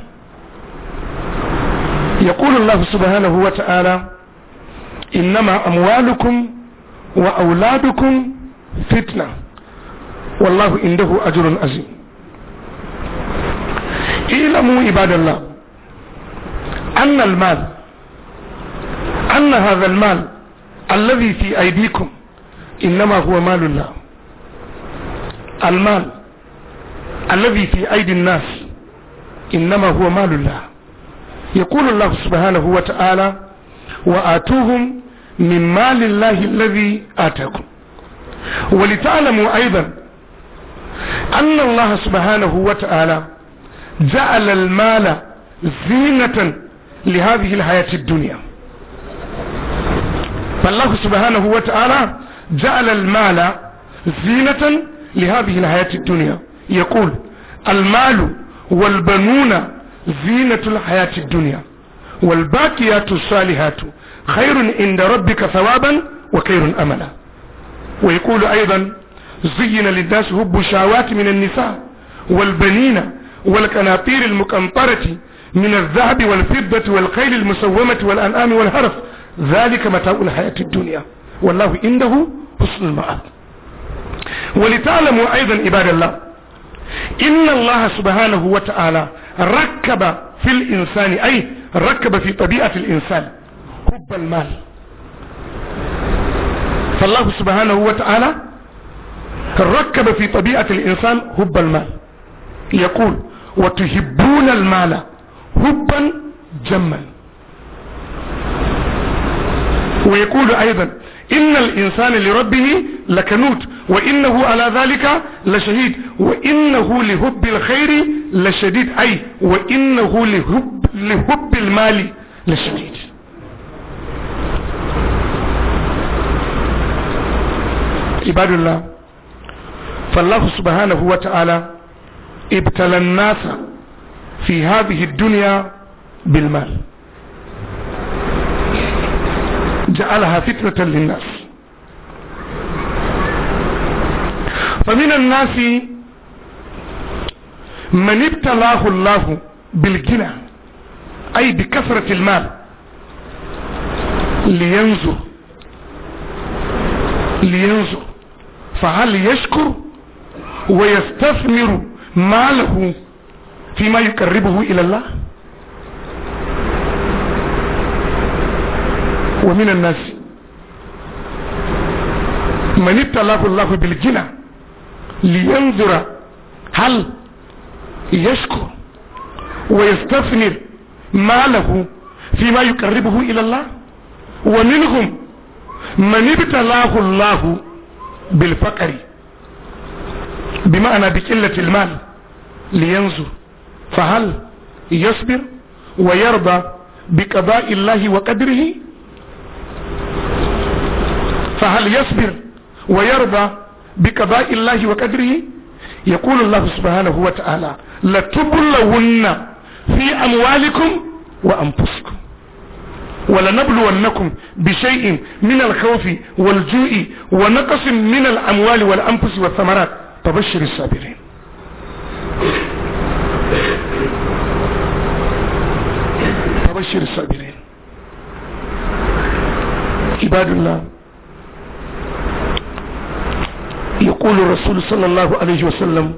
يقول الله سبحانه وتعالى إنما أموالكم وأولادكم فتنة والله عنده أجر عظيم اعلموا عباد الله أن المال أن هذا المال الذي في أيديكم إنما هو مال الله المال الذي في أيدي الناس إنما هو مال الله يقول الله سبحانه وتعالى وآتوهم من مال الله الذي آتاكم ولتعلموا أيضا أن الله سبحانه وتعالى جعل المال زينة لهذه الحياة الدنيا فالله سبحانه وتعالى جعل المال زينة لهذه الحياة الدنيا يقول المال والبنون زينة الحياة الدنيا والباقيات الصالحات خير عند ربك ثوابا وخير املا ويقول ايضا زين للناس حب الشهوات من النساء والبنين والقناطير المقنطرة من الذهب والفضة والخيل المسومة والانعام والهرف ذلك متاع الحياة الدنيا والله عنده حسن المآب ولتعلموا أيضا عباد الله إن الله سبحانه وتعالى ركب في الإنسان أي ركب في طبيعة الإنسان حب المال فالله سبحانه وتعالى ركب في طبيعة الإنسان حب المال يقول وتحبون المال حبا جما ويقول أيضا إن الإنسان لربه لكنوت وإنه على ذلك لشهيد وإنه لحب الخير لشديد أي وإنه لحب, لحب المال لشديد عباد الله فالله سبحانه وتعالى ابتلى الناس في هذه الدنيا بالمال جعلها فتنة للناس فمن الناس من ابتلاه الله بالغنى أي بكثرة المال لينزو لينزو فهل يشكر ويستثمر ماله فيما يقربه إلى الله ومن الناس من ابتلاه الله بالجنى لينظر هل يشكر ويستثمر ماله فيما يقربه الى الله ومنهم من ابتلاه الله بالفقر بمعنى بقلة المال لينظر فهل يصبر ويرضى بقضاء الله وقدره فهل يصبر ويرضى بقضاء الله وقدره يقول الله سبحانه وتعالى لتبلون في أموالكم وأنفسكم ولنبلونكم بشيء من الخوف والجوع ونقص من الأموال والأنفس والثمرات فبشر الصابرين فبشر الصابرين عباد الله يقول الرسول صلى الله عليه وسلم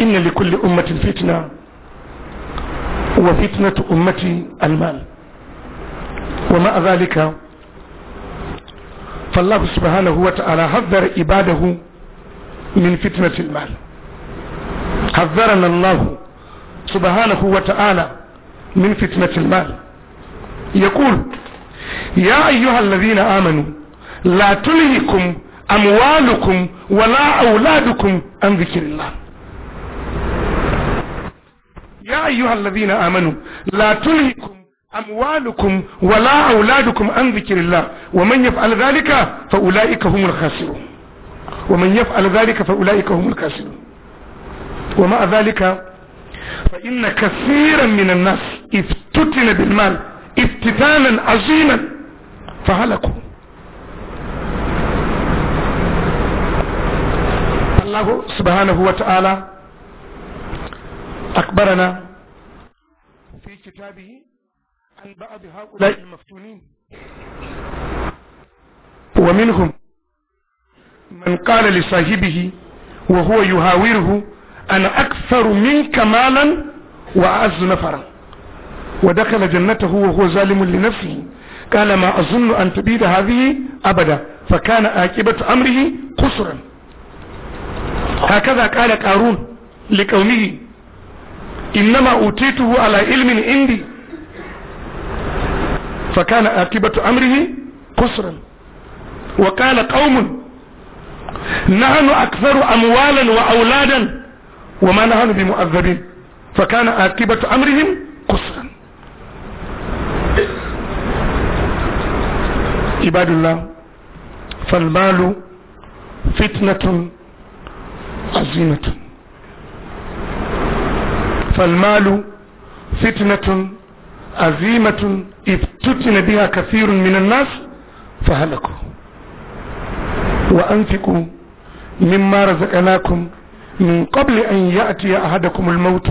إن لكل أمة فتنة وفتنة أمتي المال ومع ذلك فالله سبحانه وتعالى حذر عباده من فتنة المال حذرنا الله سبحانه وتعالى من فتنة المال يقول يا أيها الذين آمنوا لا تلهكم أموالكم ولا أولادكم عن ذكر الله يا أيها الذين آمنوا لا تلهكم أموالكم ولا أولادكم عن ذكر الله ومن يفعل ذلك فأولئك هم الخاسرون ومن يفعل ذلك فأولئك هم الخاسرون ومع ذلك فإن كثيرا من الناس افتتن بالمال افتتانا عظيما فهلكوا الله سبحانه وتعالى أكبرنا في كتابه عن بعض هؤلاء المفتونين ومنهم من قال لصاحبه وهو يهاوره أنا أكثر منك مالا وأعز نفرا ودخل جنته وهو ظالم لنفسه قال ما أظن أن تبيد هذه أبدا فكان عاقبة أمره قصرا هكذا قال قارون لقومه إنما أوتيته على علم عندي فكان عاقبة أمره قسرا وقال قوم نحن أكثر أموالا وأولادا وما نحن بمؤذبين فكان عاقبة أمرهم قسرا عباد الله فالمال فتنة عظيمة فالمال فتنة عظيمة ابتتن بها كثير من الناس فهلكوا وأنفقوا مما رزقناكم من قبل أن يأتي أحدكم الموت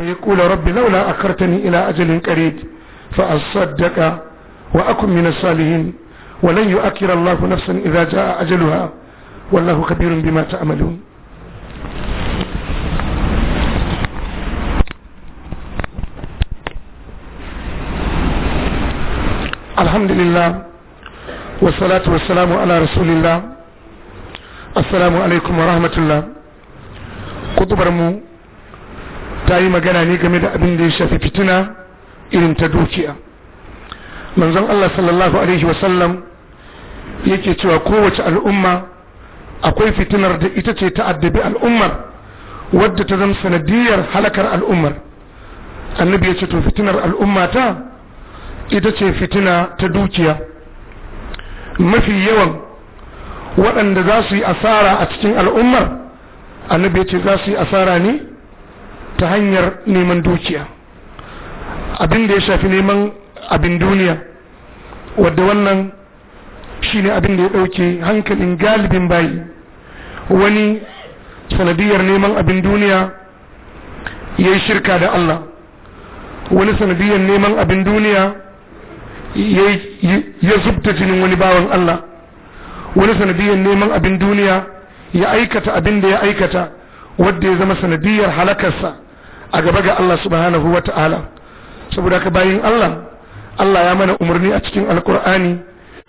فيقول رب لولا أخرتني إلى أجل قريب فأصدق وأكن من الصالحين ولن يؤكر الله نفسا إذا جاء أجلها والله خبير بما تعملون الحمد لله والصلاة والسلام على رسول الله السلام عليكم ورحمة الله كتبرمو تايما جناني جمد ابن دي شفي فتنة الى تدوكيا من زن الله صلى الله عليه وسلم يكي توقوة الأمة akwai fitinar da ita ce ta addabi al'ummar wadda ta zama sanadiyar halakar al'ummar annabi ya ce to fitinar al'ummata ita ce fitina ta dukiya mafi yawan waɗanda za su yi asara a cikin al'ummar annabi ya ce za su yi asara ne ta hanyar neman dukiya abin da ya shafi neman abin duniya wadda wannan shine abin da ya ɗauke hankalin galibin bayi wani sanadiyar neman abin duniya ya yi shirka da Allah wani sanadiyar neman abin duniya ya zubta jinin wani bawan Allah wani sanadiyar neman abin duniya ya aikata abin da ya aikata wadda ya zama sanadiyar halakarsa a gaba ga Allah subhanahu wa ta'ala saboda ka bayin Allah Allah ya mana umarni a cikin alkur'ani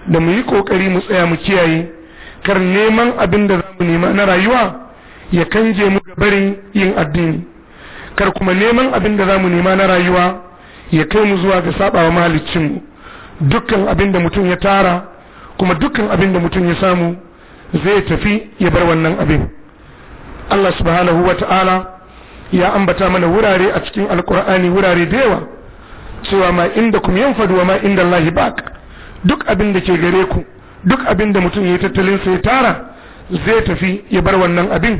da mu yi kokari mu tsaya mu kiyaye kar neman abin da za nema na rayuwa ya kanje mu ga barin yin addini kar kuma neman abin da za nema na rayuwa ya kai mu zuwa ga sabawa mahaliccinmu dukkan abin da mutum ya tara kuma dukkan abin da mutum ya samu zai tafi ya bar wannan abin Allah subhanahu wa ta'ala ya ambata mana wurare a cikin alkur'ani wurare da yawa cewa ma inda kuma yanfadu wa ma inda Allah baq duk abin da ke gare ku duk abin da mutum ya yi tattalin sai tara zai tafi ya bar wannan abin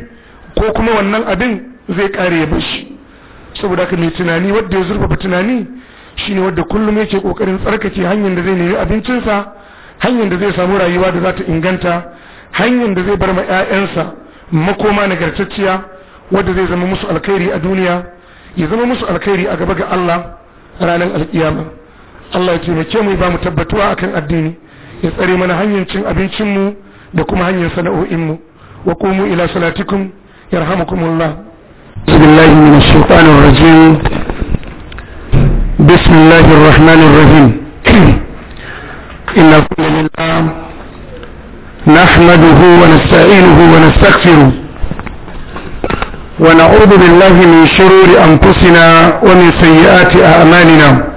ko kuma wannan abin zai kare ya bashi saboda haka mai tunani wadda ya zurfafa tunani shine wadda kullum yake kokarin tsarkake hanyar da zai nemi abincinsa hanyar da zai samu rayuwa da za ta inganta hanyar da zai bar ma 'ya'yansa makoma nagartacciya wadda zai zama musu alkhairi a duniya ya zama musu alkhairi a gaba ga Allah ranar alkiyama الله يتمكن من بام تبتوا أكن أديني يسأري من هني ينشن أبين دكما هني ينسنأو إمو وقوموا إلى صلاتكم يرحمكم الله بسم الله من الشيطان الرجيم بسم الله الرحمن الرحيم إن كل لله نحمده ونستعينه ونستغفره ونعوذ بالله من شرور أنفسنا ومن سيئات أعمالنا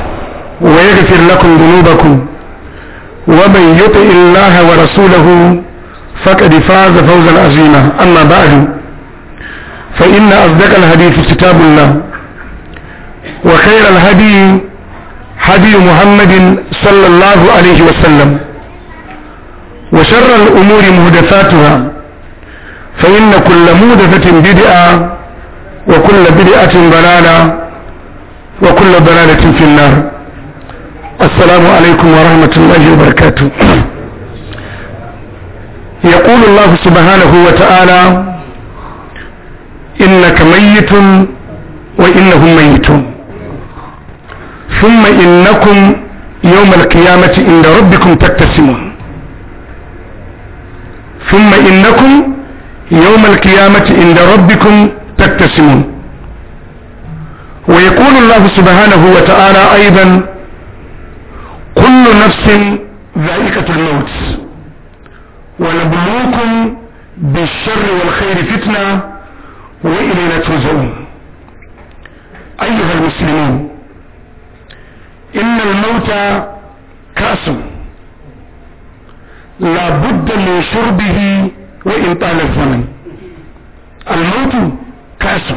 ويغفر لكم ذنوبكم ومن يطع الله ورسوله فقد فاز فوزا عظيما أما بعد فإن أصدق الحديث كتاب الله وخير الهدي هدي محمد صلى الله عليه وسلم وشر الأمور مهدفاتها فإن كل مهدفة بدعة وكل بدعة ضلالة وكل ضلالة في النار السلام عليكم ورحمة الله وبركاته يقول الله سبحانه وتعالى إنك ميت وإنهم ميتون ثم إنكم يوم القيامة عند ربكم تقتسمون ثم إنكم يوم القيامة عند ربكم تقتسمون ويقول الله سبحانه وتعالى أيضا كل نفس ذائقة الموت ونبلوكم بالشر والخير فتنة وإلينا ترجعون أيها المسلمون إن الموت كأس لا بد من شربه وإن طال الزمن الموت كأس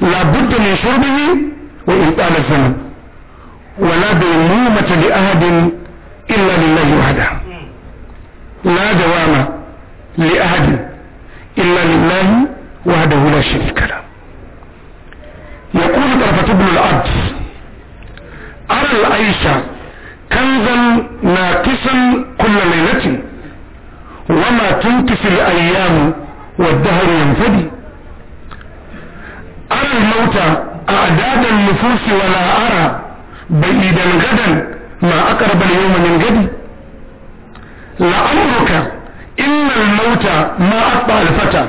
لا بد من شربه وإن طال الزمن ولا ديمومة لأحد إلا لله وحده لا دوام لأحد إلا لله وحده لا شريك له يقول طرفة ابن الأرض أرى العيش كنزا ناقصا كل ليلة وما تنقص الأيام والدهر ينفدي أرى الموت أعداد النفوس ولا أرى بعيدا غدا ما أقرب اليوم من غد لأمرك إن الموت ما أطبع الفتى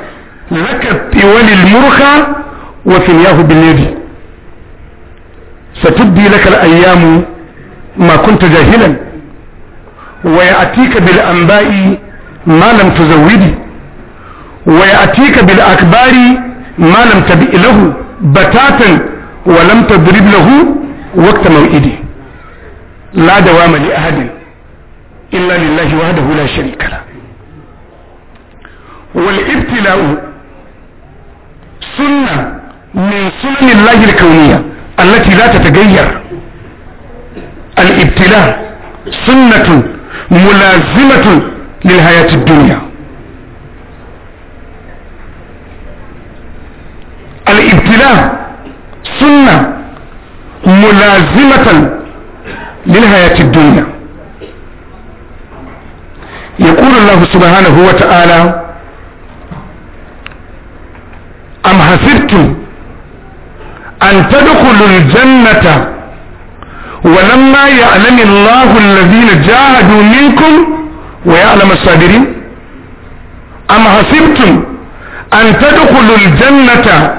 لك التول المرخى وثنياه باليد ستبدي لك الأيام ما كنت جاهلا ويأتيك بالأنباء ما لم تزودي ويأتيك بالأكبار ما لم تبئ له بتاتا ولم تضرب له وقت موئده لا دوام لأحد إلا لله وحده لا شريك له والابتلاء سنة من سنن الله الكونية التي لا تتغير الابتلاء سنة ملازمة للحياة الدنيا الابتلاء سنة ملازمة للحياة الدنيا يقول الله سبحانه وتعالى أم حسبتم أن تدخلوا الجنة ولما يعلم الله الذين جاهدوا منكم ويعلم الصابرين أم حسبتم أن تدخلوا الجنة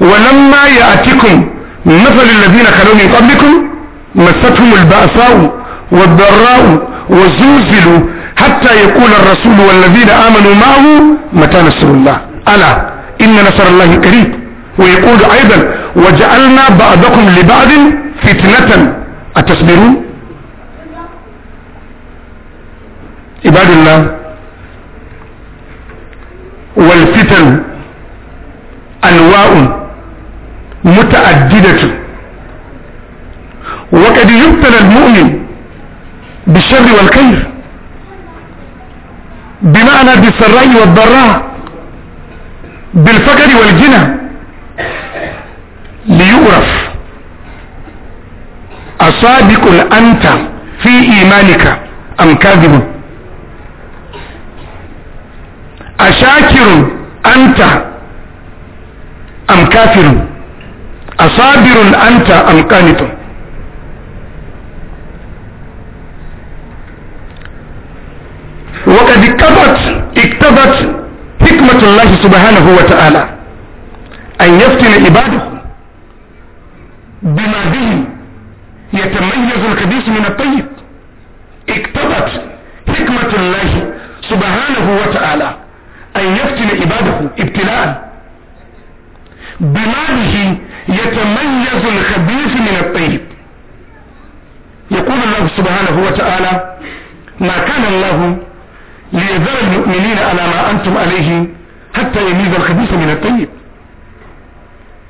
ولما يأتكم مثل الذين خلوا من قبلكم مستهم البأساء والضراء وزلزلوا حتى يقول الرسول والذين آمنوا معه متى نصر الله ألا إن نصر الله قريب ويقول أيضا وجعلنا بعضكم لبعض فتنة أتصبرون عباد الله والفتن أنواع متعددة وقد يبتلى المؤمن بالشر والخير بمعنى بالسراء والضراء بالفقر والجنى ليعرف أصادق أنت في إيمانك أم كاذب أشاكر أنت أم كافر أصابر أنت أم قانت وقد اكتبت اكتبت حكمة الله سبحانه وتعالى أن يفتن عباده وتعالى ما كان الله ليذر المؤمنين على ما أنتم عليه حتى يميز الخبيث من الطيب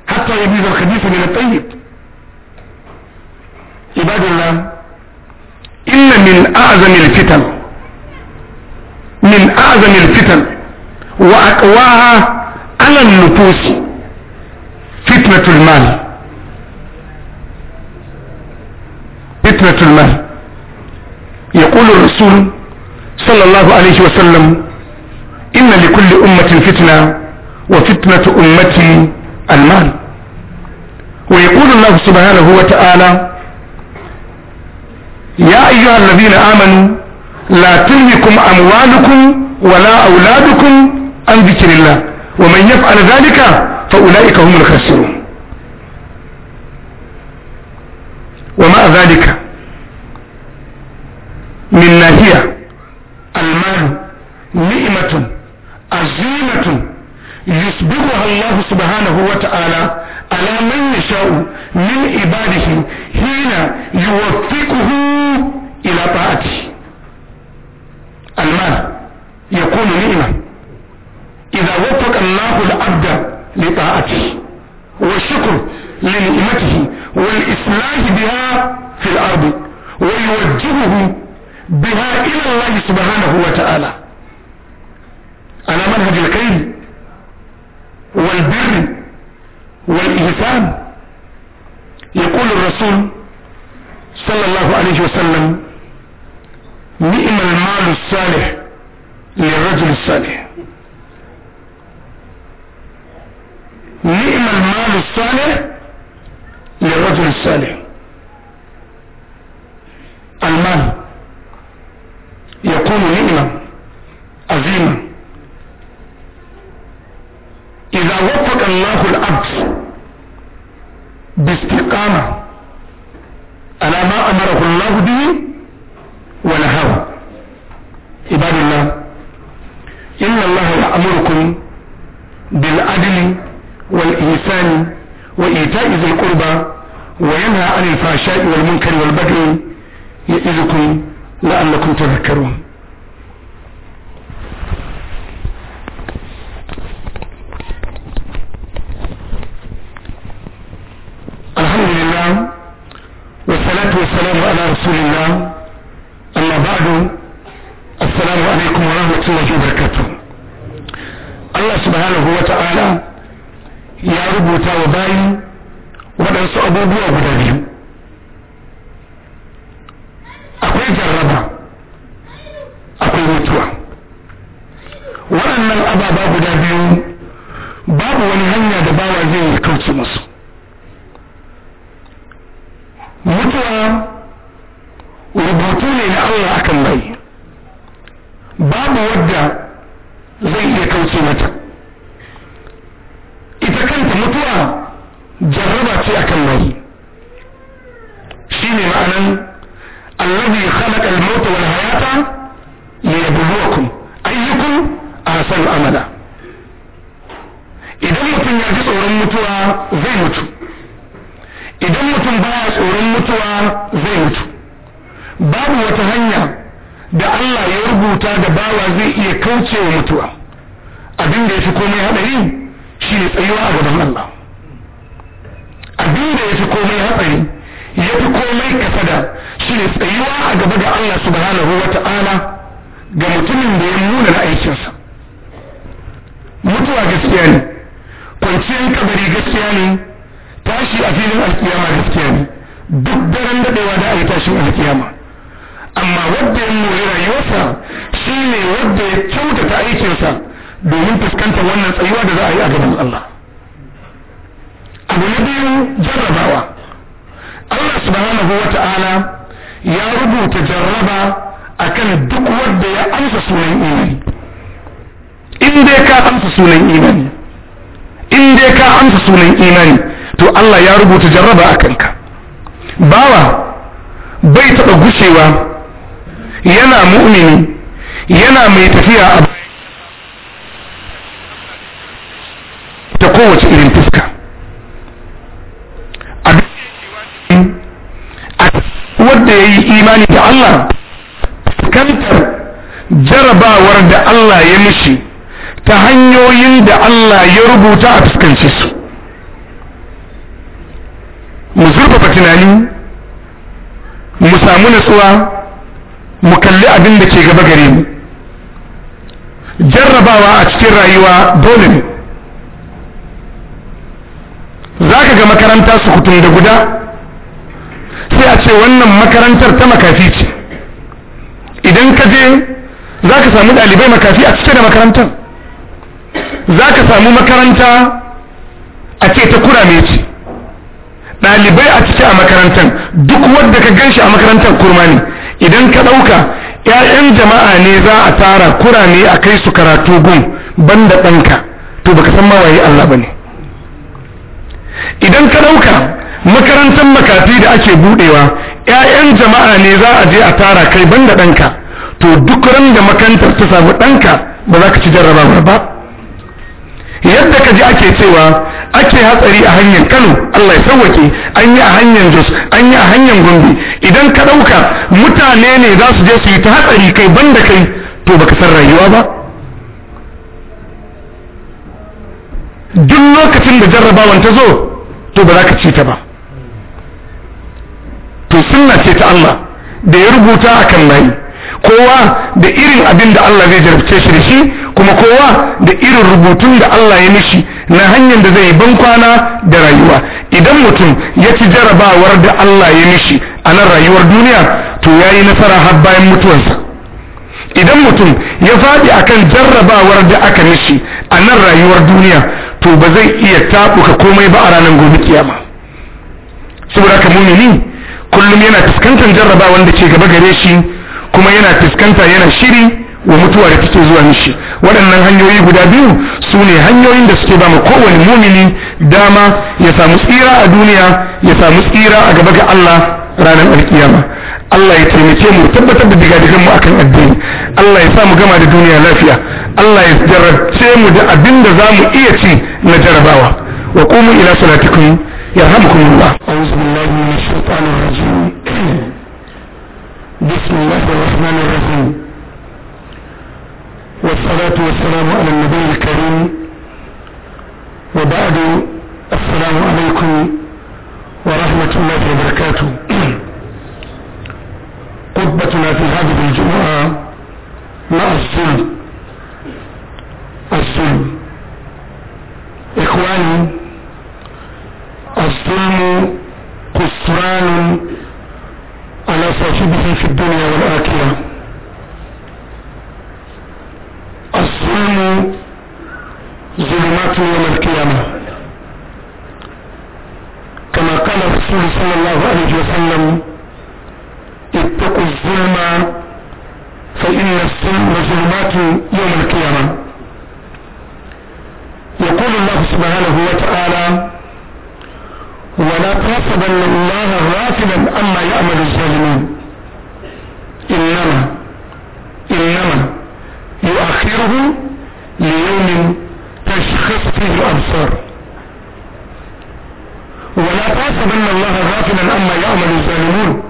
حتى يميز الخبيث من الطيب عباد الله إن من أعظم الفتن من أعظم الفتن وأقواها على النفوس فتنة المال فتنة المال يقول الرسول صلى الله عليه وسلم إن لكل أمة فتنة وفتنة أمتي المال ويقول الله سبحانه وتعالى يا أيها الذين آمنوا لا تلهكم أموالكم ولا أولادكم عن ذكر الله ومن يفعل ذلك فأولئك هم الخاسرون ومع ذلك من ناحية المال نعمة عظيمة يسبقها الله سبحانه وتعالى على من يشاء من عباده حين يوفقه إلى طاعته المال يكون نعمة إذا وفق الله العبد لطاعته والشكر لنعمته والإصلاح بها في الأرض ويوجهه بها إلى الله سبحانه وتعالى على منهج الكيل والبر والإحسان يقول الرسول صلى الله عليه وسلم نئم المال الصالح للرجل الصالح نئم المال الصالح للرجل الصالح المال يكون نعمة عظيمة إذا وفق الله العبد باستقامة على ما أمره الله به ونهاه عباد الله إن الله يأمركم بالعدل والإنسان وإيتاء ذي القربى وينهى عن الفحشاء والمنكر والبغي يئذكم لعلكم تذكرون rubuta jarraba a kanka bawa bai taɓa gushewa yana mu'mini yana mai tafiya a ta kowace irin fuska wadda ya yi imani da Allah kantar jarabawar da Allah ya mishi ta hanyoyin da Allah ya rubuta a fuskance su tunani mu samu nutsuwa mu kalli abin da ke gaba gare mu jarrabawa a cikin rayuwa dole ne za ka ga makaranta su kutum da guda sai a ce wannan makarantar ta makafi ce idan ka je za ka samu ɗalibai makafi a cike da makarantar za ka samu makaranta a ce ta kurame ce ɗalibai a ciki a makarantar duk wadda ka gan shi a makarantar kurma ne idan ka ɗauka 'ya'yan jama'a ne za a tara kura ne a kai su karatu gun ban da ɗanka to baka san mawaye Allah ba ne idan ka ɗauka makarantar makafi da ake buɗewa 'ya'yan jama'a ne za a je a tara kai ban da ɗanka to duk ran da makarantar ta samu ɗanka ba za ka ci jarraba ba yadda ka ji ake cewa ake hatsari a hanyar kano allah ya sauwake an yi a hanyar jos an yi a hanyar gombe idan ka ɗauka mutane ne za su je su yi ta hatsari kai banda kai to baka san rayuwa ba duk lokacin da jarrabawan ta zo to ba za ka ci ta ba to sunna ce ta allah da ya rubuta a kan layi kowa da irin abin da allah zai jarabce shi da shi kuma kowa da irin rubutun da Allah ya mishi na hanyar da zai ban kwana da rayuwa idan mutum ya ci jarabawar da Allah ya mishi a nan rayuwar duniya to ya yi nasara har bayan mutuwarsa idan mutum ya faɗi a kan jarrabawar da aka mishi a nan rayuwar duniya to ba zai iya taɓuka komai ba a ranar gobe kiyama saboda ka mumini kullum yana fuskantar jarrabawar da ke gaba gare shi kuma yana fuskanta yana shiri wa mutuwa da take zuwa mishi waɗannan hanyoyi guda biyu su ne hanyoyin da suke ba mu kowane mumini dama ya samu tsira a duniya ya samu tsira a gaba ga Allah ranar alkiyama Allah ya taimake mu tabbatar da digadigan mu akan addini Allah ya sa mu gama da duniya lafiya Allah ya jarabce mu da abin da za mu iya ci na jarabawa wa qumu ila salatikum yarhamukumullah a'udhu billahi minash shaitanir rajim بسم الله الرحمن الرحيم والصلاة والسلام على النبي الكريم وبعد السلام عليكم ورحمة الله وبركاته خطبتنا في هذه الجمعة مع الظلم الظلم إخواني الظلم قصران على صاحبه في الدنيا والآخرة الصوم ظلمات يوم القيامة كما قال الرسول صلى الله عليه وسلم اتقوا الظلم فإن الظلم ظلمات يوم القيامة يقول الله سبحانه وتعالى ولا تحسبن الله غافلا عما يعمل الظالمون إنما إنما يؤخره ليوم تشخص فيه الأبصار ولا تحسبن الله غافلا عما يعمل الظالمون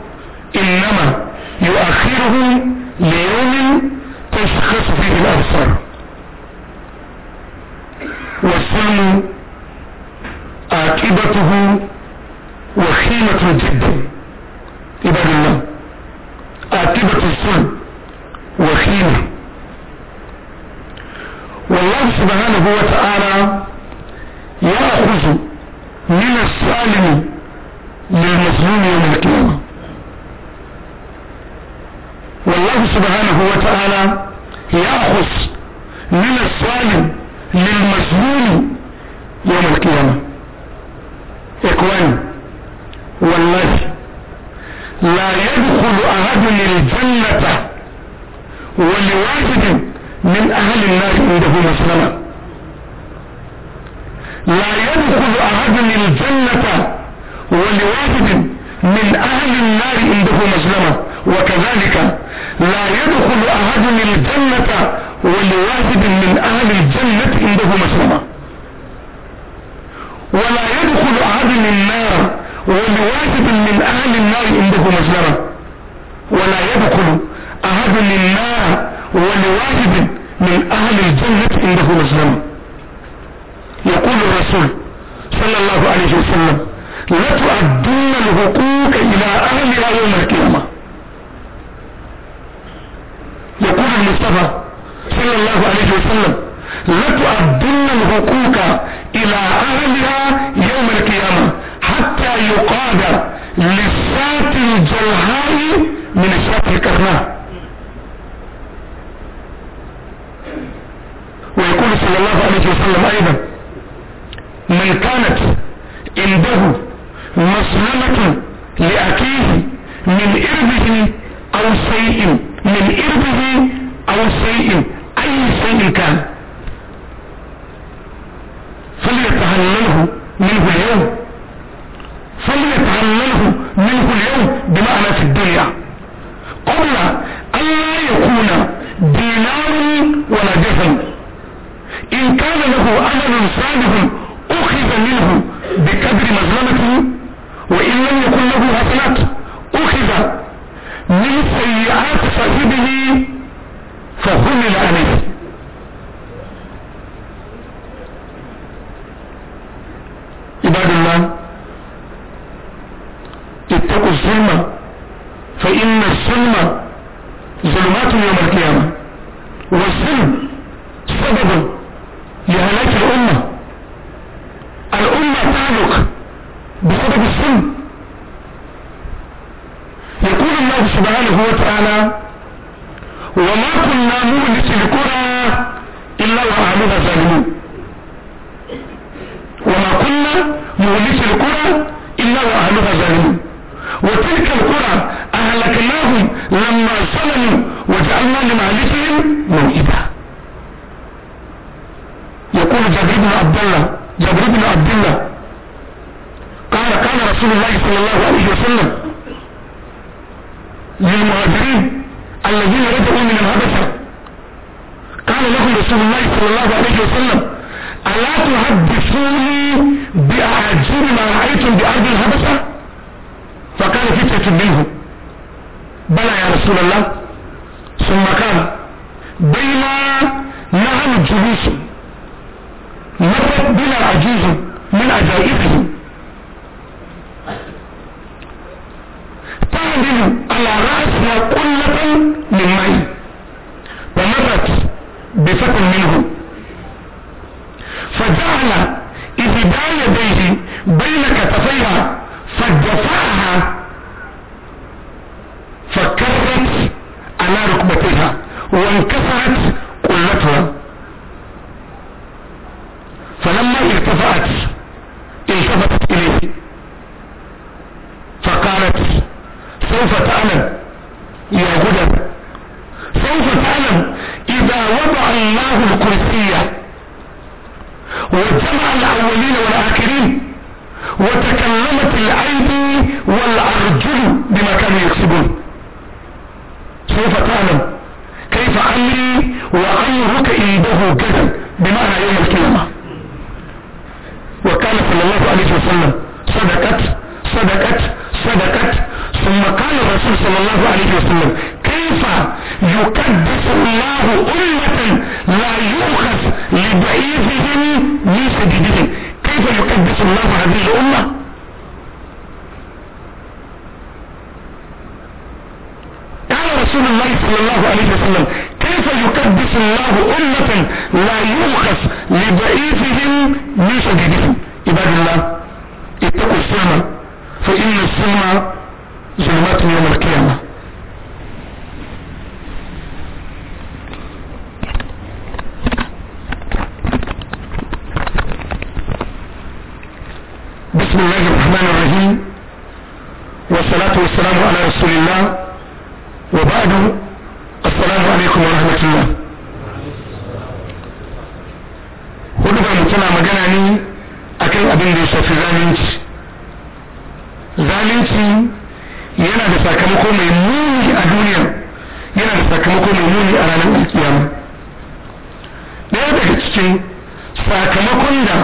وما كنا مؤنس القرى إلا وأهلها ظالمون وما كنا مؤنس الكرة إلا وأهلها ظالمون وتلك القرى أهلكناهم لما ظلموا وجعلنا لمعلفهم موئدا يقول جابر بن عبد الله جابر بن عبد الله قال قال رسول الله صلى الله عليه وسلم للمهاجرين الذين رجعوا من الهبشة قال لهم رسول الله صلى الله عليه وسلم ألا تحدثوني بأعجب ما رأيتم بأرض الهبشة فقال فتنة منهم بلى يا رسول الله ثم قال بين نعم جلوس مرت بنا عجوز من عجائبهم تعدل على رأسها قلة من ماء ومرت بفك منه فجعل إحدى يديه بين كتفيها فدفعها فكرت على ركبتها وانكسرت قلتها فلما ارتفعت التفتت إليه فقالت سوف تعلم يا هدى سوف تعلم اذا وضع الله الكرسية وجمع الاولين والاخرين وتكلمت الايدي والارجل بما كانوا يكسبون سوف تعلم كيف امري وامرك عنده جدا بمعنى يوم القيامه وكان صلى الله عليه وسلم صدقت صدقت صدقت ثم قال الرسول صلى الله عليه وسلم كيف يكدس الله أمة لا يؤخذ لضعيفهم من سجدهم كيف يكدس الله هذه الأمة قال رسول الله صلى الله عليه وسلم كيف يكدس الله أمة لا يؤخذ لضعيفهم من سجدهم عباد الله اتقوا السمع فإن السمع ظلمات يوم القيامة بسم الله الرحمن الرحيم والصلاة والسلام على رسول الله وبعد السلام عليكم ورحمة الله hudubar mu مجانا magana ne akan abin da ya yana da sakamako mai muni a duniya yana da sakamako mai muni a ranar alkiyama ɗaya daga cikin sakamakon da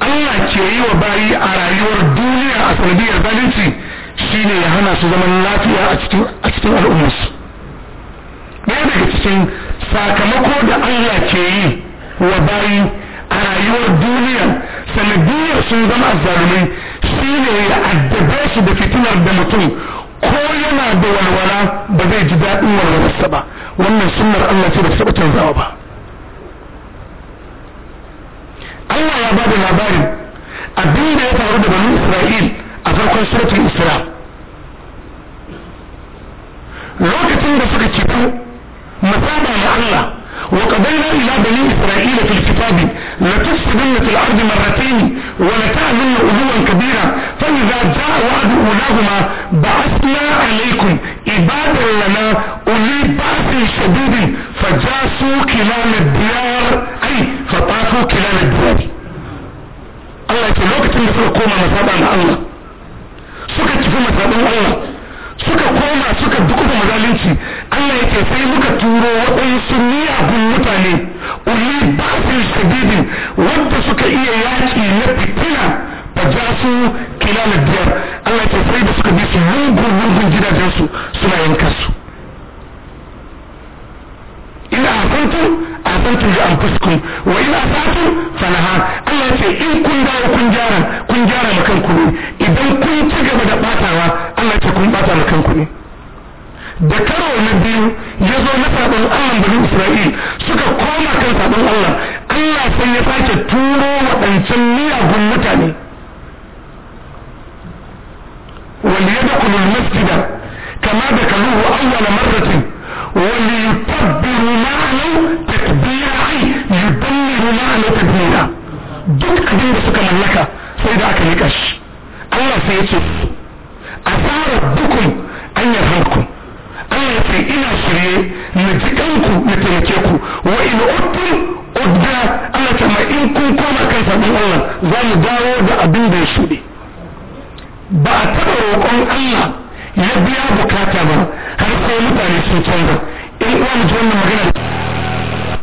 Allah ke yi wa bayi a rayuwar duniya a sanadiyar zalunci shine ya hana su zaman lafiya a cikin al'ummarsu ɗaya daga cikin sakamako da Allah ke yi wa bayi a rayuwar duniya sanadiyar sun zama azzalumai shine ya addabe su da fitinar da mutum ko yana da walwala ba zai ji daɗin walwalarsa ba wannan sunnar Allah ce ba taɓa canzawa ba Allah ya ba da labari abin da ya faru da bani Isra'il a farkon suratul Isra lokacin da suka ciku musaba ya Allah وقضينا إلى بني إسرائيل في الكتاب لتفسدن في الأرض مرتين ولتعلن علوا كبيرا فإذا جاء وعد أولاهما بعثنا عليكم عبادا لنا أولي بأس شديد فجاسوا كلام الديار أي فطافوا كلام الديار الله يتلوك لوقت في مثابا الله سكت في مثابا الله suka koma suka dukufa mazalunci Allah ya ce sai muka turo waɗansu miyagun mutane uli basil shadidin wanda suka iya yaƙi na fitina ba ja su kilala biyar Allah ya ce sai da suka bi su mugun mugun gidajensu suna yanka su in أفنتم أفنتم li anfusikum wa in asatum falaha Allah ce in kun dawo kun gyara kun gyara idan kun ci gaba da batawa Allah ce kun bata kanku da karo na biyu ya zo na sabon Allah bani Isra'il suka koma kan sabon Allah Allah sai ya sake turo waɗancan miyagun mutane وليدخلوا المسجد كما دخلوه أول مرة وليتبر معه تكبيري يدمر معه تدميرا duk abin da suka mallaka sai da aka yi shi Allah sai ya ce fara dukun an harku. Allah ya ce ina shirye na ji kanku na taimake ku wa in uttum udda Allah ta ma in kun koma kan sabon Allah za mu dawo da abin da ya shuɗe ba a taɓa roƙon Allah ya biya bukata ba har sai mutane sun canza in uwa ji wannan magana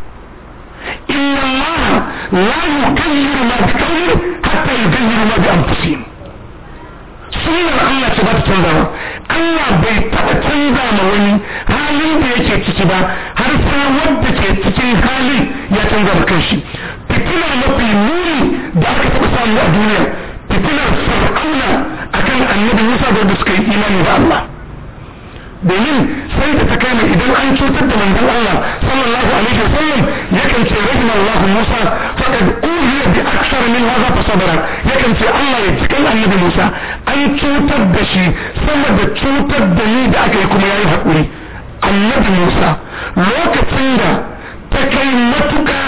inna allaha la yughayyiru ma bi qawmin hatta yughayyiru ma bi anfusihim sunnar Allah ce ba ta canza ba Allah bai taɓa canza ma wani halin da yake ciki ba har sai wanda ke cikin halin ya canza da kanshi fitila mafi muni da aka taɓa samu a duniya fitinar fir'auna akan annabi Musa da suka yi imani da Allah domin sai da ta kama idan an cutar da manzon Allah sallallahu alaihi wasallam yakan ce rahima Allah Musa faqad uhiya bi akthar min hadha fasabara yakan ce Allah ya cikin annabi Musa an cutar da shi sama da cutar da ni da aka yi kuma yayi hakuri annabi Musa lokacin da ta kai matuka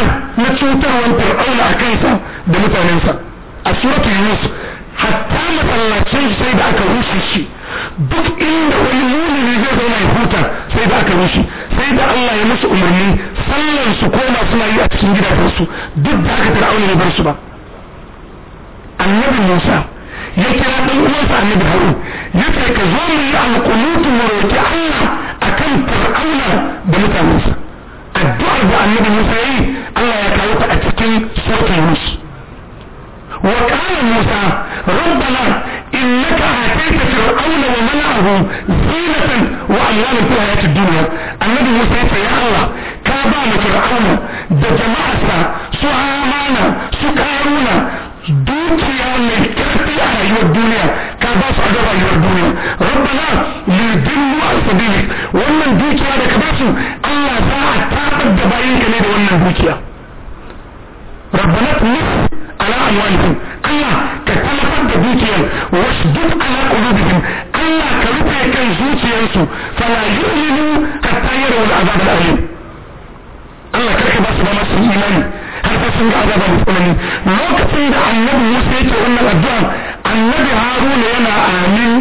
na cutarwar fir'auna a kansa da mutanensa a suratul yunus hatta masallacin sai da aka rushe shi duk inda wani ne zai zauna ya huta sai da aka rushe sai da Allah ya musu umarni sallar su koma suna yi a cikin gidajensu duk da aka fir'auna ne bar su ba annabi Musa ya kira dan uwansa annabi Harun ya ce ka zo mu yi alqunutu mu roki Allah akan fir'auna da mutanensa addu'ar da annabi Musa yi Allah ya kawo ta a cikin suratul Yunus وكان موسى ربنا انك اتيت فرعون ومنعه زينة واموال في الحياة الدنيا النبي موسى يا الله كابان فرعون ده جماسة سعامانا سكارونا دوتي يا كرتي على الدنيا كباس عجبا على الدنيا ربنا يدلوا على سبيلك ومن دوتي هذا كباسو الله ساعة تابد دبائين كنيد ومن دوتي ربنا تمس على أموالهم الله كتلفت da dukiyar wasdud ala qulubihim Allah ka rufe kan zuciyarsu fala yu'minu hatta yaru al-azab al-alim Allah karka ba su ba su imani har sai sun ga azaba mai tsanani lokacin da annabi Musa yake wannan addu'a annabi Haruna yana amin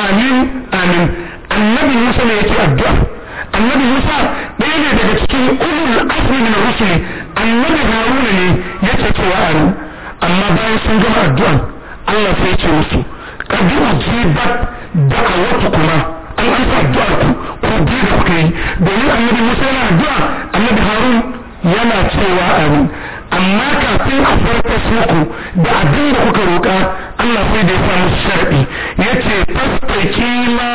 amin amin annabi Musa ne yake addu'a annabi musa ɗaya ne daga cikin ulul asli min rusuli annabi haruna ne ya cewa wa aro amma bayan sun gama addu'a allah sai ya ce musu qad ujibat da'awatukuma an amsa addu'ar ku ku bi da kuka domin annabi musa yana addu'a annabi harun yana cewa amin amma kafin a farko suku da abin da kuka roƙa allah sai da ya samu sharɗi ya ce fasta ma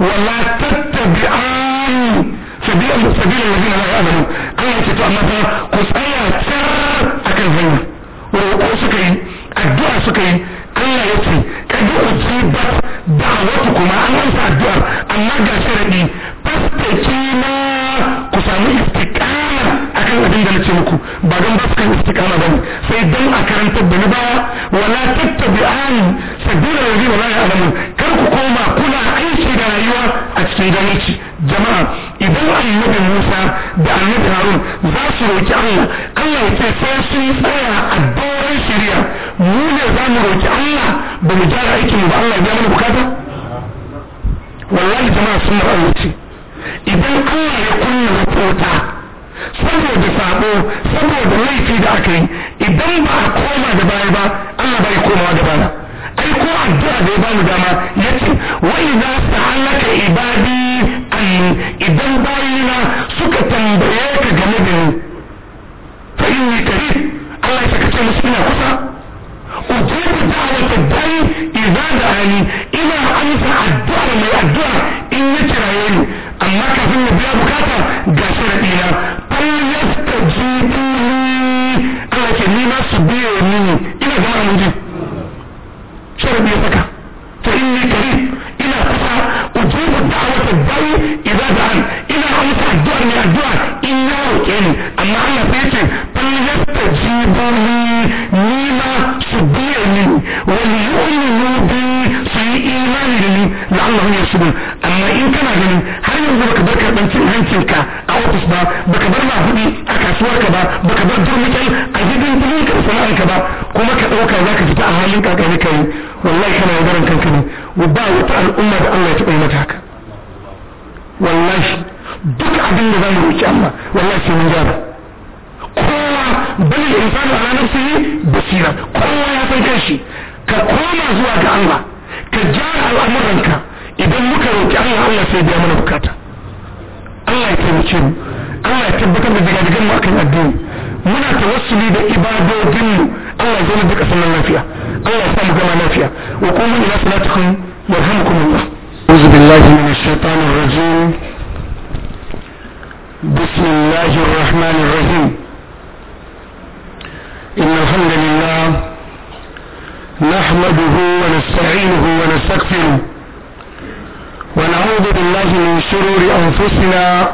ولا تتبعان سبيل السبيل الذين لا يؤمنون قال سيتو أمامها قص أي أثر أكل فينا وقصك أدوء إيه؟ سكين إيه؟ Allah ya ce ka ji uci ba da wata kuma an amsa addu'a amma ga sharadi fastaki na ku samu istiqama akan abin da nace muku ba don ba su kan istiqama ba sai don a karantar da ni wala tattabi'ani sabila yanzu wala ya alamu kar ku koma kula aiki da rayuwa a cikin gaminci jama'a idan annabi Musa da annabi Harun za su roki Allah Allah ya ce sai sun tsaya a doron shari'a mu ne za mu Allah ba mu gyara aikin ba Allah ya mana bukata wallahi jama'a sun Allah ce idan Allah ya kunna wata saboda sabo saboda laifi da aka yi idan ba a koma da baya ba Allah bai komawa da baya ai ko addu'a da ya bani dama yace wa idza sa'alaka ibadi anni idan bayina suka tambaye ka game da ni fa inni Allah ya saka ce musu ina kusa أثير دعوة الدين إذا دعاني إلى أن الدعوة ما يدعى إن يترعين أما كفين بلا بكاتا جاشر إلى فليستجيبوا لي أنا كنيما سبيل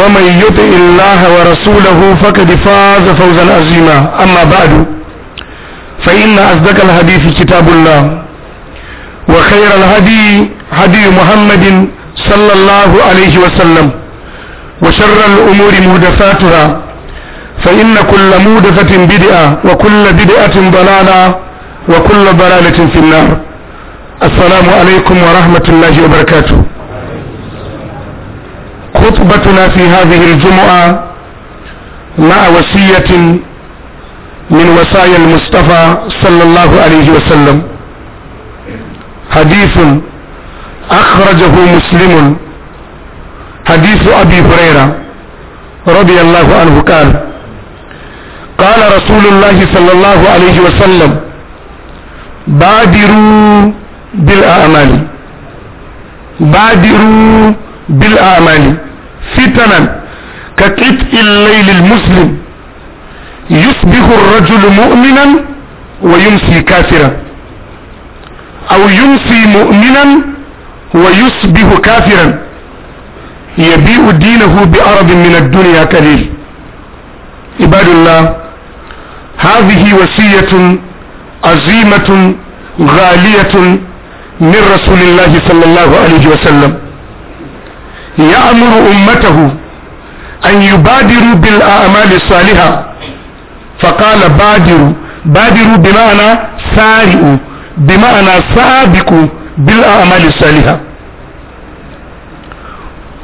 ومن يطع الله ورسوله فقد فاز فوزا عظيما أما بعد فإن أصدق الحديث كتاب الله وخير الهدي هدي محمد صلى الله عليه وسلم وشر الأمور محدثاتها فإن كل محدثه بدعة وكل بدعة ضلالة وكل ضلالة في النار السلام عليكم ورحمة الله وبركاته خطبتنا في هذه الجمعة مع وصية من وصايا المصطفى صلى الله عليه وسلم حديث أخرجه مسلم حديث أبي هريرة رضي الله عنه قال قال رسول الله صلى الله عليه وسلم بادروا بالأعمال بادروا بالآمال فتنا ككتء الليل المسلم يصبح الرجل مؤمنا ويمسي كافرا او يمسي مؤمنا ويصبح كافرا يبيع دينه بأرض من الدنيا كليل عباد الله هذه وصية عظيمة غالية من رسول الله صلى الله عليه وسلم يأمر أمته أن يبادروا بالأعمال الصالحة فقال بادروا بادروا بمعنى سارئوا بمعنى سابقوا بالأعمال الصالحة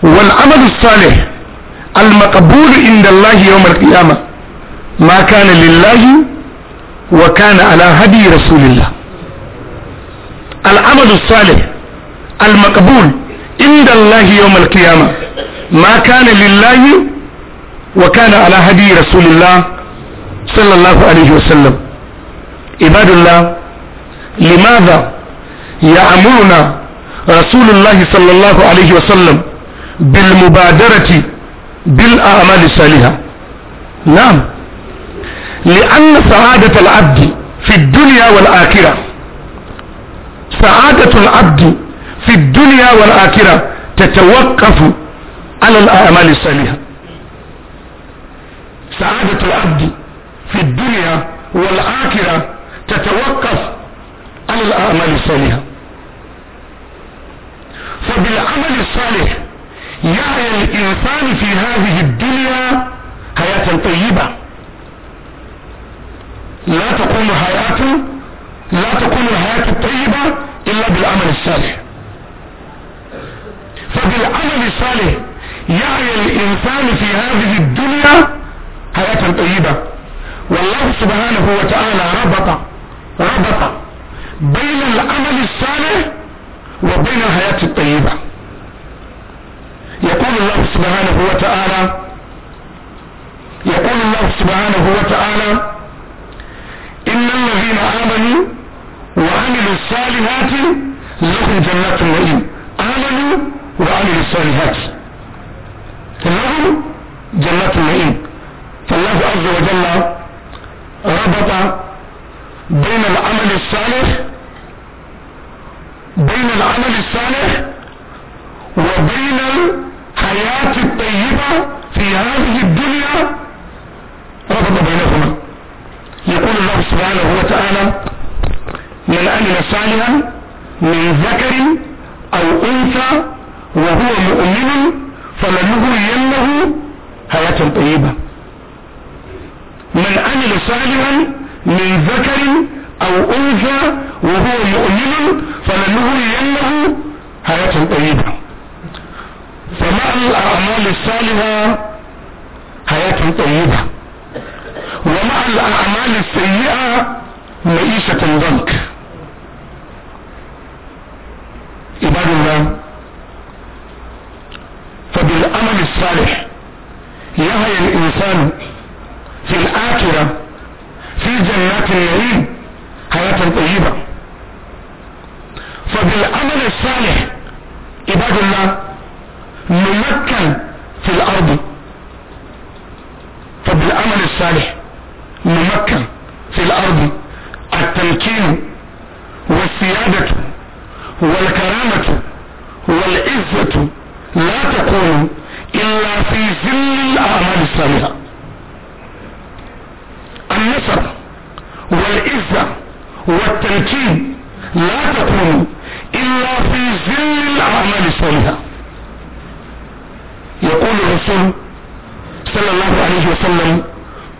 والعمل الصالح المقبول عند الله يوم القيامة ما كان لله وكان على هدي رسول الله العمل الصالح المقبول عند الله يوم القيامة ما كان لله وكان على هدي رسول الله صلى الله عليه وسلم عباد الله لماذا يأمرنا رسول الله صلى الله عليه وسلم بالمبادرة بالأعمال الصالحة نعم لأن سعادة العبد في الدنيا والآخرة سعادة العبد في الدنيا والآخرة تتوقف على الأعمال الصالحة سعادة العبد في الدنيا والآخرة تتوقف على الأعمال الصالحة فبالعمل الصالح يعي الإنسان في هذه الدنيا حياة طيبة لا تكون حياة لا تكون الحياة الطيبة إلا بالعمل الصالح فبالعمل الصالح يعي الإنسان في هذه الدنيا حياة طيبة والله سبحانه وتعالى ربط ربط بين العمل الصالح وبين الحياة الطيبة يقول الله سبحانه وتعالى يقول الله سبحانه وتعالى إن الذين آمنوا وعملوا الصالحات لهم جنات النعيم آمنوا وعملوا الصالحات فلهم جنات النعيم فالله عز وجل ربط بين العمل الصالح بين العمل الصالح وبين الحياة الطيبة في هذه الدنيا ربط بينهما يقول الله سبحانه وتعالى من عمل صالحا من ذكر او انثى وهو مؤمن فلنغرينه حياة طيبة من عمل صالحا من ذكر او انثى وهو مؤمن فلنغرينه حياة طيبة فمع الاعمال الصالحة حياة طيبة ومع الاعمال السيئة معيشة ضنك عباد الله فبالأمل الصالح يهي الإنسان في الآخرة في جنات النعيم حياة طيبة فبالامل الصالح عباد الله نمكن في الأرض فبالامل الصالح نمكن في الأرض التمكين والسيادة والكرامة والعزة لا تكون إلا في ظل الأعمال الصالحة النصر والعزة والتمكين لا تكون إلا في ظل الأعمال الصالحة يقول الرسول صلى الله عليه وسلم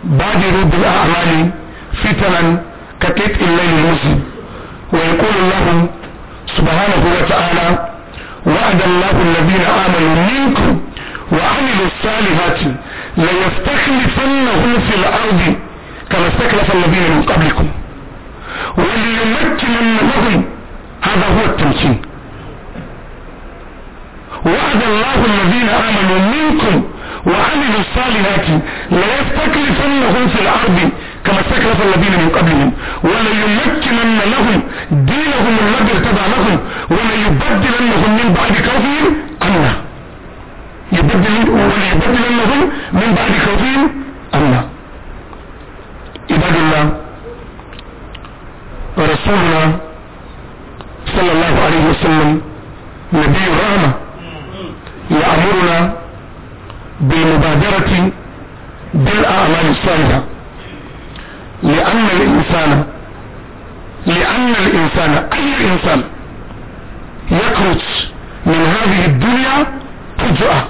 بادروا بالأعمال فتنا كتئت الليل المسلم ويقول الله سبحانه وتعالى وعد الله الذين آمنوا منكم وعملوا الصالحات ليستخلفنهم في الأرض كما استخلف الذين من قبلكم وليمكنن لهم هذا هو التمكين وعد الله الذين آمنوا منكم وعملوا الصالحات ليستخلفنهم في الأرض كما استخلف الذين من قبلهم وليمكنن لهم دينهم الذي ارتدى لهم وليبدلنهم من بعد خوفهم امنا وليبدلنهم من بعد خوفهم امنا عباد الله رسولنا صلى الله عليه وسلم نبي رحمة يأمرنا بالمبادرة بالأعمال الصالحة لأن الإنسان لأن الإنسان أي إنسان يخرج من هذه الدنيا فجأة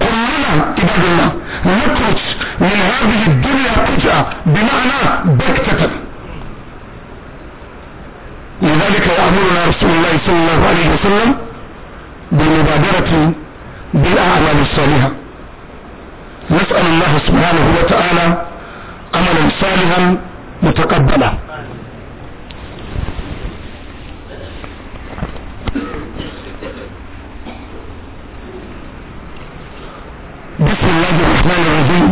كلنا عباد الله نخرج من هذه الدنيا فجأة بمعنى بكتة لذلك يأمرنا رسول الله صلى الله عليه وسلم بمبادرة بالأعمال الصالحة نسأل الله سبحانه وتعالى عملا صالحا متقبلا بسم الله الرحمن الرحيم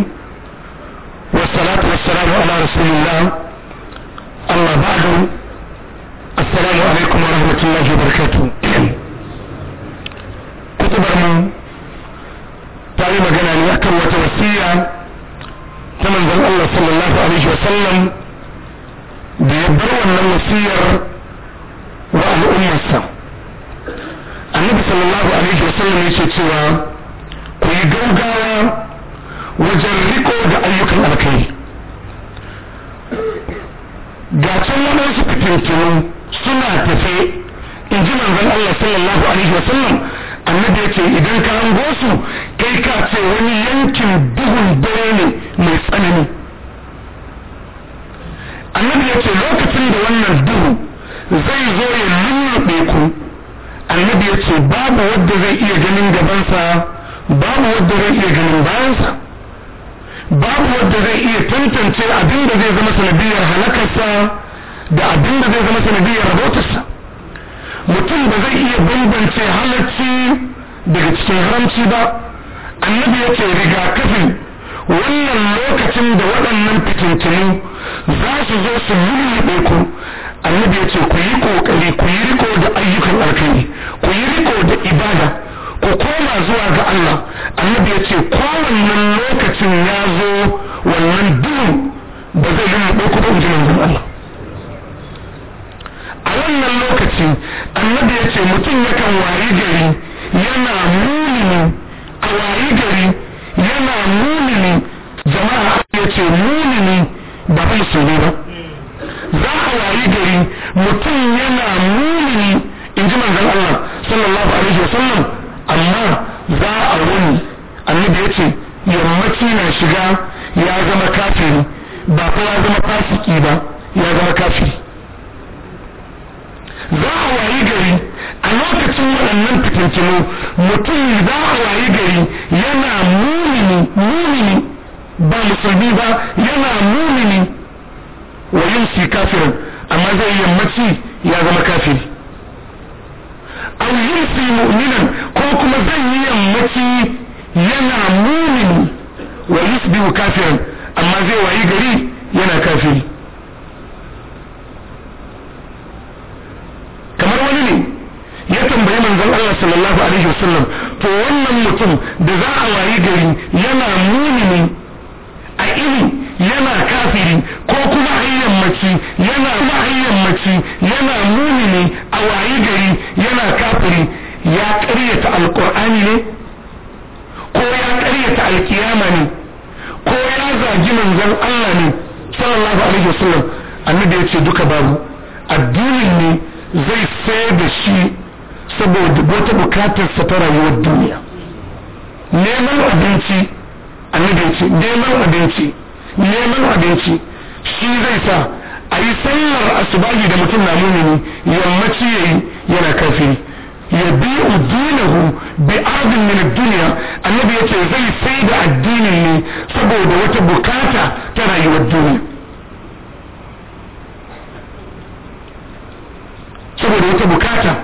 والصلاة والسلام على رسول الله أما بعد السلام عليكم ورحمة الله وبركاته كتب من تعليم جناني أكل وتوسيع ta manzon Allah sallallahu alaihi wasallam da ya bar wannan wasiyar wa al'ummarsa annabi sallallahu alaihi wa sallam ya ce cewa ku yi gaugawa wajen riko da ayyukan alkai ga can waɗansu fitintunu suna tafe in ji manzon Allah sallallahu alaihi wa sallam. annabi yake idan ka hango su kai ka ce wani yankin duhun dare ne mai tsanani annabi yake lokacin da wannan duhu zai zo ya lullube ku annabi yake babu wadda zai iya ganin gabansa babu wadda zai iya ganin bayansa babu wadda zai iya tantance abin da zai zama sanadiyar halakarsa da abin da zai zama sanadiyar rabotarsa mutum ba zai iya bambance halarci daga cikin haramci ba annabi ya ce rigakafin wannan lokacin da waɗannan fitintunu za su zo su lullube ku annabi ya ce ku yi ƙoƙari ku yi riko da ayyukan alkhairi ku yi riko da ibada ku koma zuwa ga Allah annabi ya ce kowannan lokacin ya zo wannan duhu ba zai yi ku ba in ji Allah a wannan lokaci annabi ya ce mutum yakan wari gari yana mulini a wari gari yana mulini jama'a ya ce mulini ba zai shigo ba za a wari gari mutum yana mulini in ji manzon Allah sallallahu alaihi sallam, amma za a wani. annabi ya ce yammaci na shiga ya zama kafiri ba fa zama fasiki ba ya zama kafiri za a wayi gari a lokacin waɗannan fitintinu mutum za a wayi gari yana mumini mumini ba musulmi ba yana mumini wa yumsi kafirin amma zai yammaci ya zama kafiri aw yumsi mu'minan ko kuma zai yi yammaci yana mumini wa yusbihu kafirin amma zai wayi gari yana kafiri kamar wani ne ya tambayi manzon Allah sallallahu alaihi wasallam to wannan mutum da za a wayi gari yana mumini a ini yana kafiri ko kuma a yammaci yana kuma a yammaci yana mumini a wayi gari yana kafiri ya ƙaryata alƙur'ani ne ko ya ƙaryata alkiyama ne ko ya zagi manzon Allah ne sallallahu alaihi wasallam annabi ya ce duka babu addinin ne zai sai da shi saboda wata bukatarsa ta rayuwar duniya neman abinci a ce neman abinci neman abinci shi zai sa a yi sallar asubahi da mutum na mumini yammaci yayi yana kafin ya bi dinahu bi ardin min duniya annabi yace zai sai da addinin ne saboda wata bukata ta rayuwar duniya da wata bukata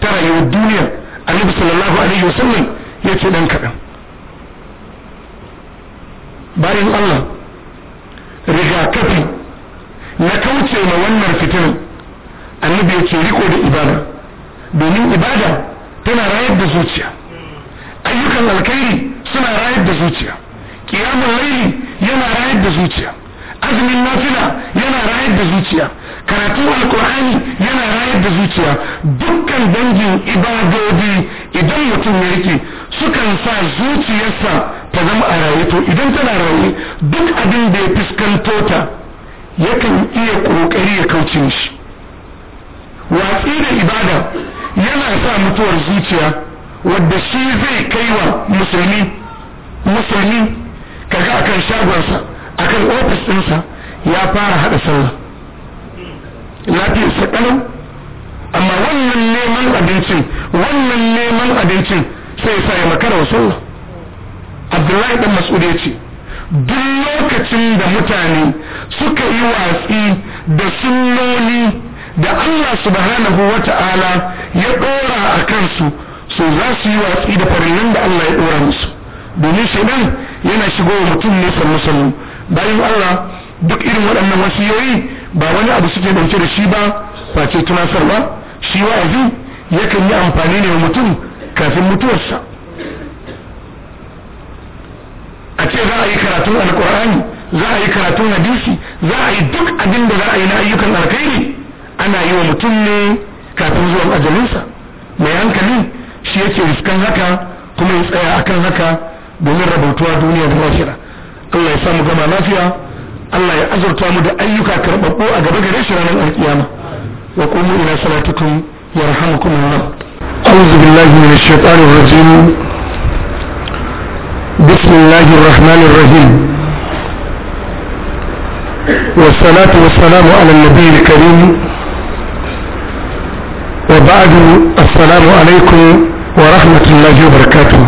ta rayuwar duniya annabi sallallahu alaihi wasallam ya ce dan kaɗan bayan allah rigakafi na kauce ma wannan fitinan annabi ya ce riko da ibada domin ibada tana rayar da zuciya ayyukan alkhairi suna rayar da zuciya kiyamun laili yana rayar da zuciya azumin nafila yana rayar da zuciya karatu alkur'ani yana rayar da zuciya dukkan dangin ibadodi idan mutum ya rike sukan sa zuciyarsa ta zama a raye to idan tana raye duk abin da ya fuskanto ta yakan iya kokari ya kauce shi watsi da ibada yana sa mutuwar zuciya wadda shi zai kai wa musulmi musulmi kaga akan shagonsa a ofis ɗinsa ya fara haɗa sallah lafiyarsa ƙalau amma wannan neman abincin wannan neman abincin sai sa ya makara wa sallah abdullahi ɗan masudu ya ce duk lokacin da mutane suka yi watsi da sunnoni da Allah subhanahu wa ta'ala ya ɗora a kansu so za su yi watsi da farin da Allah ya ɗora musu domin shaidan yana shigo wa mutum ne sannu bayan Allah duk irin waɗannan wasiyoyi ba wani abu suke ɗauke da shi ba face tunasarwa shi wa'azi yakan yi amfani ne wa mutum kafin mutuwarsa a ce za a yi karatun alkur'ani za a yi karatun hadisi za a yi duk abin da za a yi na ayyukan alkhairi ana yi wa mutum ne kafin zuwan ajalinsa mai hankali shi yake riskan haka kuma ya tsaya akan haka domin rabautuwa duniya da lahira Allah ya samu gama lafiya Allah ya azurta mu da ayyuka karɓaɓɓu a gaba gare shi ranar alkiyama wa qumu ila salatikum yarhamukum Allah أعوذ بالله من الشيطان الرجيم بسم الله الرحمن الرحيم والصلاة والسلام على النبي الكريم وبعد السلام عليكم ورحمة الله وبركاته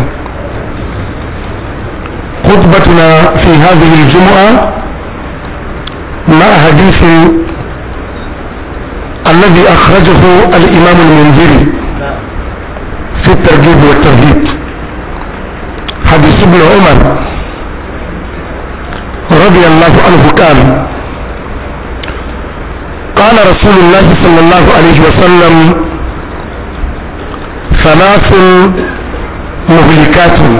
خطبتنا في هذه الجمعة مع حديث الذي أخرجه الإمام المنذري في الترغيب والترهيب حديث ابن عمر رضي الله عنه قال قال رسول الله صلى الله عليه وسلم ثلاث مهلكات